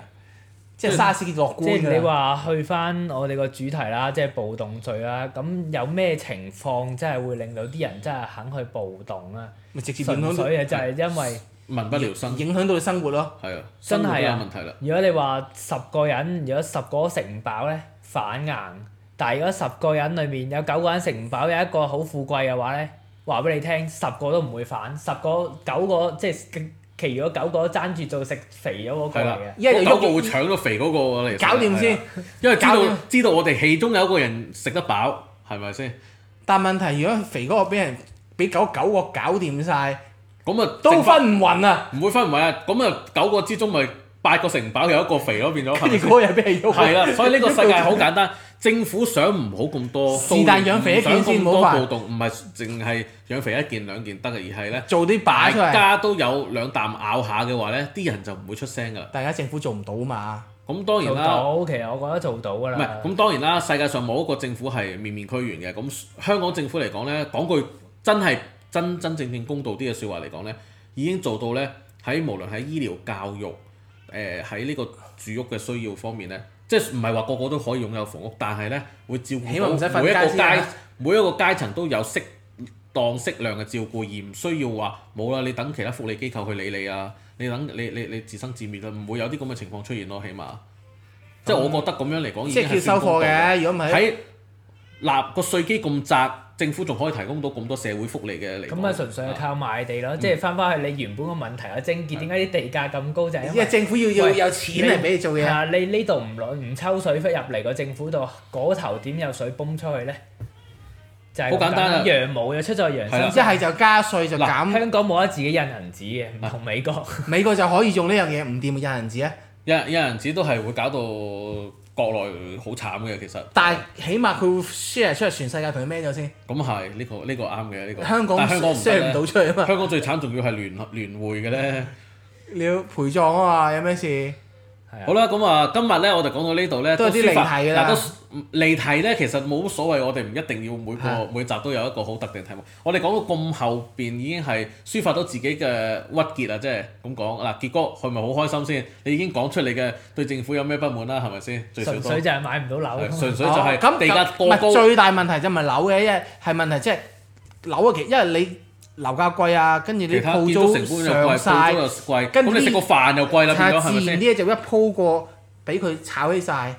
Speaker 2: 即係沙士樂觀，即係你話
Speaker 3: 去翻我哋個主題啦，即係暴動罪啦。咁有咩情況即係會令到啲人真係肯去暴動啊？咪直接純粹嘅就係因為
Speaker 2: 民不聊生，影響到你生活咯。係啊，真係啊問題啦。
Speaker 3: 如果你話十個人，如果十個都食唔飽咧反硬，但係如果十個人裡面有九個人食唔飽，有一個好富貴嘅話咧，話俾你聽，十個都唔會反，十個九個即係。其餘嗰九個爭住做食肥嗰個嚟嘅定，因為九個會搶
Speaker 1: 咗肥嗰個嚟。搞掂定先，因為搞到知道我哋其中有一個人食得飽，係咪先？但問題如果肥嗰個俾人俾九九個搞掂晒，咁啊都分唔勻啊！唔會分唔勻啊！咁啊，九個之中咪八個食唔飽，有一個肥咗變咗。跟住嗰個又俾人喐係啦，所以呢個世界好簡單。 政府想唔好咁多，是但養肥一件多暴動先唔好辦。唔係淨係養肥一件兩件得嘅，而係咧做啲百家都有兩啖咬下嘅話咧，啲人就唔會出聲㗎。大家政府做唔到嘛？咁當然啦，其實、
Speaker 3: okay, 我覺得做到㗎啦。唔係咁
Speaker 1: 當然啦，世界上冇一個政府係面面俱圓嘅。咁香港政府嚟講咧，講句真係真真正正公道啲嘅説話嚟講咧，已經做到咧喺無論喺醫療、教育，誒喺呢個住屋嘅需要方面咧。即係唔係話個個都可以擁有房屋，但係咧會照顧每一個階每一個階層都有適當適量嘅照顧，而唔需要話冇啦，你等其他福利機構去理你啊！你等你你你自生自滅啊，唔會有啲咁嘅情況出現咯，起碼。嗯、即係我覺得咁樣嚟講已經。即係要收貨嘅，如果唔係喺嗱個稅基咁窄。政府仲可以提供到咁多社會福利
Speaker 3: 嘅嚟？咁啊，純粹係靠賣地咯，即係翻返去你原本個問題個症結，點解啲地價咁高就係、是、因為政府要要有錢嚟俾你做嘢。你呢度唔攞唔抽水窟入嚟個政府度，嗰頭點有水泵出去呢？就係、是、好簡，簡單，羊毛又出在羊身上，即係就加稅就減。喇香港冇得自己印銀紙
Speaker 1: 嘅，唔同美國、啊。美
Speaker 2: 國就可以用呢樣嘢唔掂咪印銀紙
Speaker 1: 咧。印印銀紙都係會搞到。嗯嗯嗯嗯嗯嗯國內好慘嘅其實，
Speaker 2: 但係起碼佢會 share 出嚟全世界同佢孭咗先。
Speaker 1: 咁係呢個呢個啱嘅呢個，但係香港 share 唔到出嚟啊嘛。香港最慘仲要係聯聯會嘅咧，你要陪葬啊嘛，有咩事？ 好啦，咁啊，今日咧，我哋講到呢度咧，都有啲離題㗎啦。離題咧，其實冇乜所謂，我哋唔一定要每個的每集都有一個好特定嘅題目。我哋講到咁後邊已經係抒發到自己嘅鬱結啦，即係咁講嗱。結果係咪好開心先？你已經講出你嘅對政府有咩不滿啦，係咪先？純粹就係買唔到樓，對純粹就係地價多高，哦，多高。最
Speaker 2: 大問題就唔係樓嘅，一係問題即係樓嘅其，因為你。樓價貴啊，跟住你鋪租成倍，鋪租又
Speaker 1: 貴，跟住你食個飯又貴啦。咁啊，自然
Speaker 2: 啲嘢就一鋪過，俾佢炒起晒，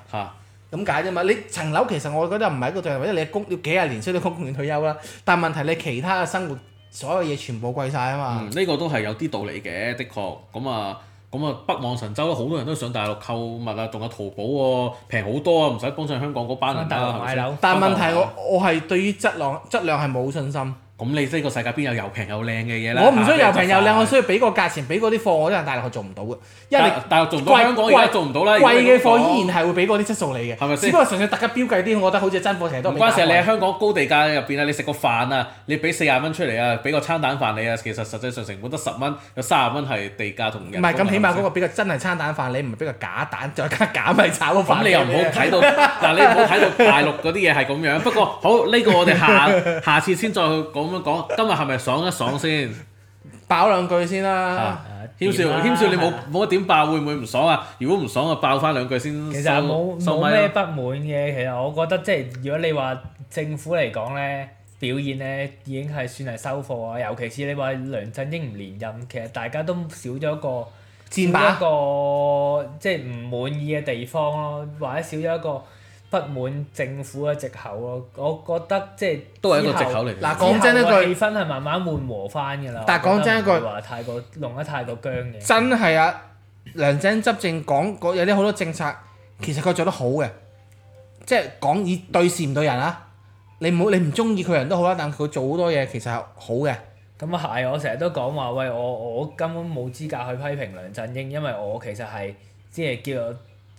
Speaker 2: 咁解啫嘛？你層樓其實我覺得唔係一個對頭，因為你供要幾廿年先到供完退休啦。但係問題你其他嘅生活所有嘢全部貴晒啊嘛。呢、嗯
Speaker 1: 呢個都係有啲道理嘅，的確。咁啊，咁啊，北望神州，好多人都上大陸購物啊，仲有淘寶喎，平好多啊，唔使幫襯香港嗰班人得啦。買吧但係問題我我係對於質量質量係冇信心。咁你呢個世界邊有又平又靚嘅嘢啦？我唔需要又平又
Speaker 2: 靚，我需要俾個價錢俾嗰啲貨，我啲人大陸係做唔到嘅，因為大陸做唔到，香港而家做唔到啦。貴嘅貨依然係會俾嗰啲質素你嘅，係咪先？只不過純粹特價標記啲，我覺得好似真貨成日都唔關事。你喺香
Speaker 1: 港高地價入邊啊，你食個飯啊，你俾四十蚊出嚟啊，俾個餐蛋飯你啊，其實實際上成本得十蚊，有三十蚊係地價同人工。唔係，咁起碼嗰
Speaker 2: 個俾個真係餐蛋飯你，你唔係俾個假蛋，再加假米炒飯，你又唔好睇到嗱，
Speaker 1: 你唔好睇到大陸嗰啲嘢係咁樣。不過好呢、呢個我，我哋下下次先再去 咁樣講，今日係咪爽一爽先？ 爆兩句先啦。
Speaker 3: 謙少，謙少，你冇冇、
Speaker 1: 啊、乜點爆，會唔會唔爽啊？如果唔爽就爆翻兩句先。其實冇冇咩不
Speaker 3: 滿嘅，其實我覺得即係、就是、如果你話政府嚟講咧，表現咧已經係算係收貨啊。尤其是你話梁振英唔連任，其實大家都少咗一個箭靶，霸一個即係唔滿意嘅地方咯，或者少咗一個。不滿政府嘅藉口咯，我覺得即係，都係一個藉口嚟嘅。嗱，講真一句，氣氛係慢慢緩和翻㗎啦。但係講真一句，話太過但弄得太過僵嘅。
Speaker 2: 真係啊，梁振英執政講嗰有啲好多政策，其實佢做得好嘅，即係講以對事唔對人啊。你冇你唔中意
Speaker 3: 佢人都好啦，但係佢做好多嘢其實係好嘅。咁係，我成日都講話喂，我我根本冇資格去批評梁振英，因為我其實係即係叫我。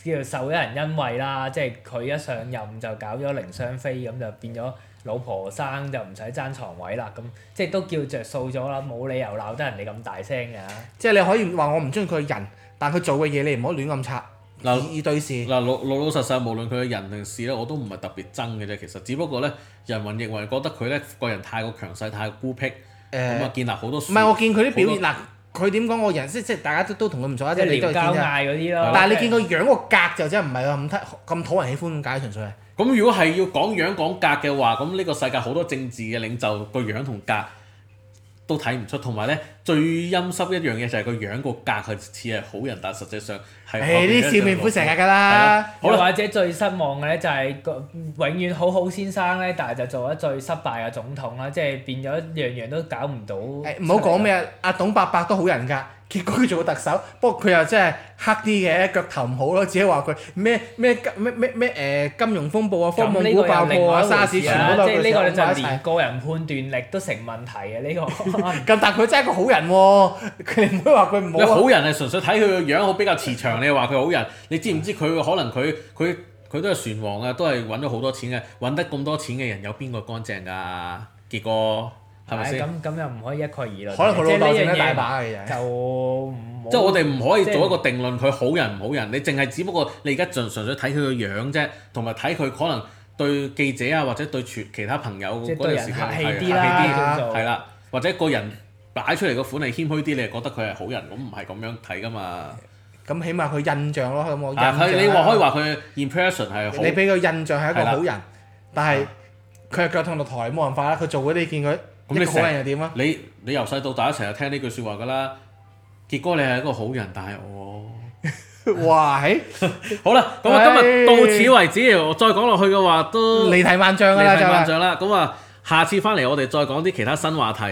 Speaker 3: 叫做受一人恩惠啦，即係佢一上任就搞咗零雙非咁，就變咗老婆生就唔使爭床位啦，咁即係都叫著數咗啦，冇理由鬧得人哋咁大聲嘅。
Speaker 2: 即係你可以話我唔中意佢嘅人，但係佢做嘅嘢你唔好亂咁拆。
Speaker 1: 嗱嘍以對事。嗱老老老實實，無論佢嘅人定事咧，我都唔係特別憎嘅啫。其實，只不過咧，人云認為覺得佢咧個人太過強勢，太過孤僻，咁啊、呃、建立好多，多。唔係我見佢啲表現嗱。佢
Speaker 2: 點講我人即即大家都都同佢唔熟，即你都見嗰啲囉。但係你見個樣個格就真係唔係咁睇咁討人喜歡咁解，純粹。
Speaker 1: 咁如果係要講樣講格嘅話，咁呢個世界好多政治嘅領袖個樣同格。都睇唔出，同埋咧最陰濕一樣嘢就係個樣個格，係似係好人，但實際上係。誒啲笑面虎成
Speaker 3: 日㗎啦！好啦，或者最失望嘅咧就係個永遠好好先生咧，但係就做咗最失敗嘅總統啦，即係變咗樣樣都搞唔到。唔好講咩，阿董伯伯都好人
Speaker 2: 㗎。結果佢做個特首，不過佢又真係黑啲嘅，腳頭唔好咯。只係話佢咩咩金咩咩咩金融風暴啊，科網股爆破啊，沙士全部都即係呢個你就連
Speaker 3: 個人判斷力都成問題嘅、啊、呢、這個。咁 但係佢真係一個好人喎、啊，佢唔可以話佢唔好、啊。你好
Speaker 1: 人係純粹睇佢個樣好比較慈祥，你話佢好人。你知唔知佢可能佢佢佢都係船王啊，都係揾咗好多錢嘅，揾得咁多錢嘅人有邊個乾淨㗎？結果。係咪先？
Speaker 3: 咁咁又唔可以一概而論。可能佢老豆整得大把嘅嘢。就唔即係我哋唔可以做一個
Speaker 1: 定論，佢好人唔好人？你淨係只不過你而家純粹睇佢個樣啫，同埋睇佢可能對記者啊，或者對全其他朋友嗰陣時客氣啲啦，係啦，或者個人擺出嚟個款係謙虛啲，你係覺得佢係好人，我唔係咁樣睇㗎嘛。
Speaker 2: 咁起碼佢印象咯，咁我。啊，你你話可以話佢
Speaker 1: impression 係好。你俾佢印象係一個好人，
Speaker 2: 但係佢又腳痛到抬，冇辦法啦。佢做嗰啲，你見佢。咁你好人又點
Speaker 1: 啊你你由細到大一齊就聽呢句說話㗎啦，傑哥，你係一個好人，但係我， 哇，係 好啦，咁啊今日到此為止，我、哎、再講落去嘅話都離題萬丈啦，離題萬丈啦，咁啊、就是，下次翻嚟我哋再講啲其他新話題。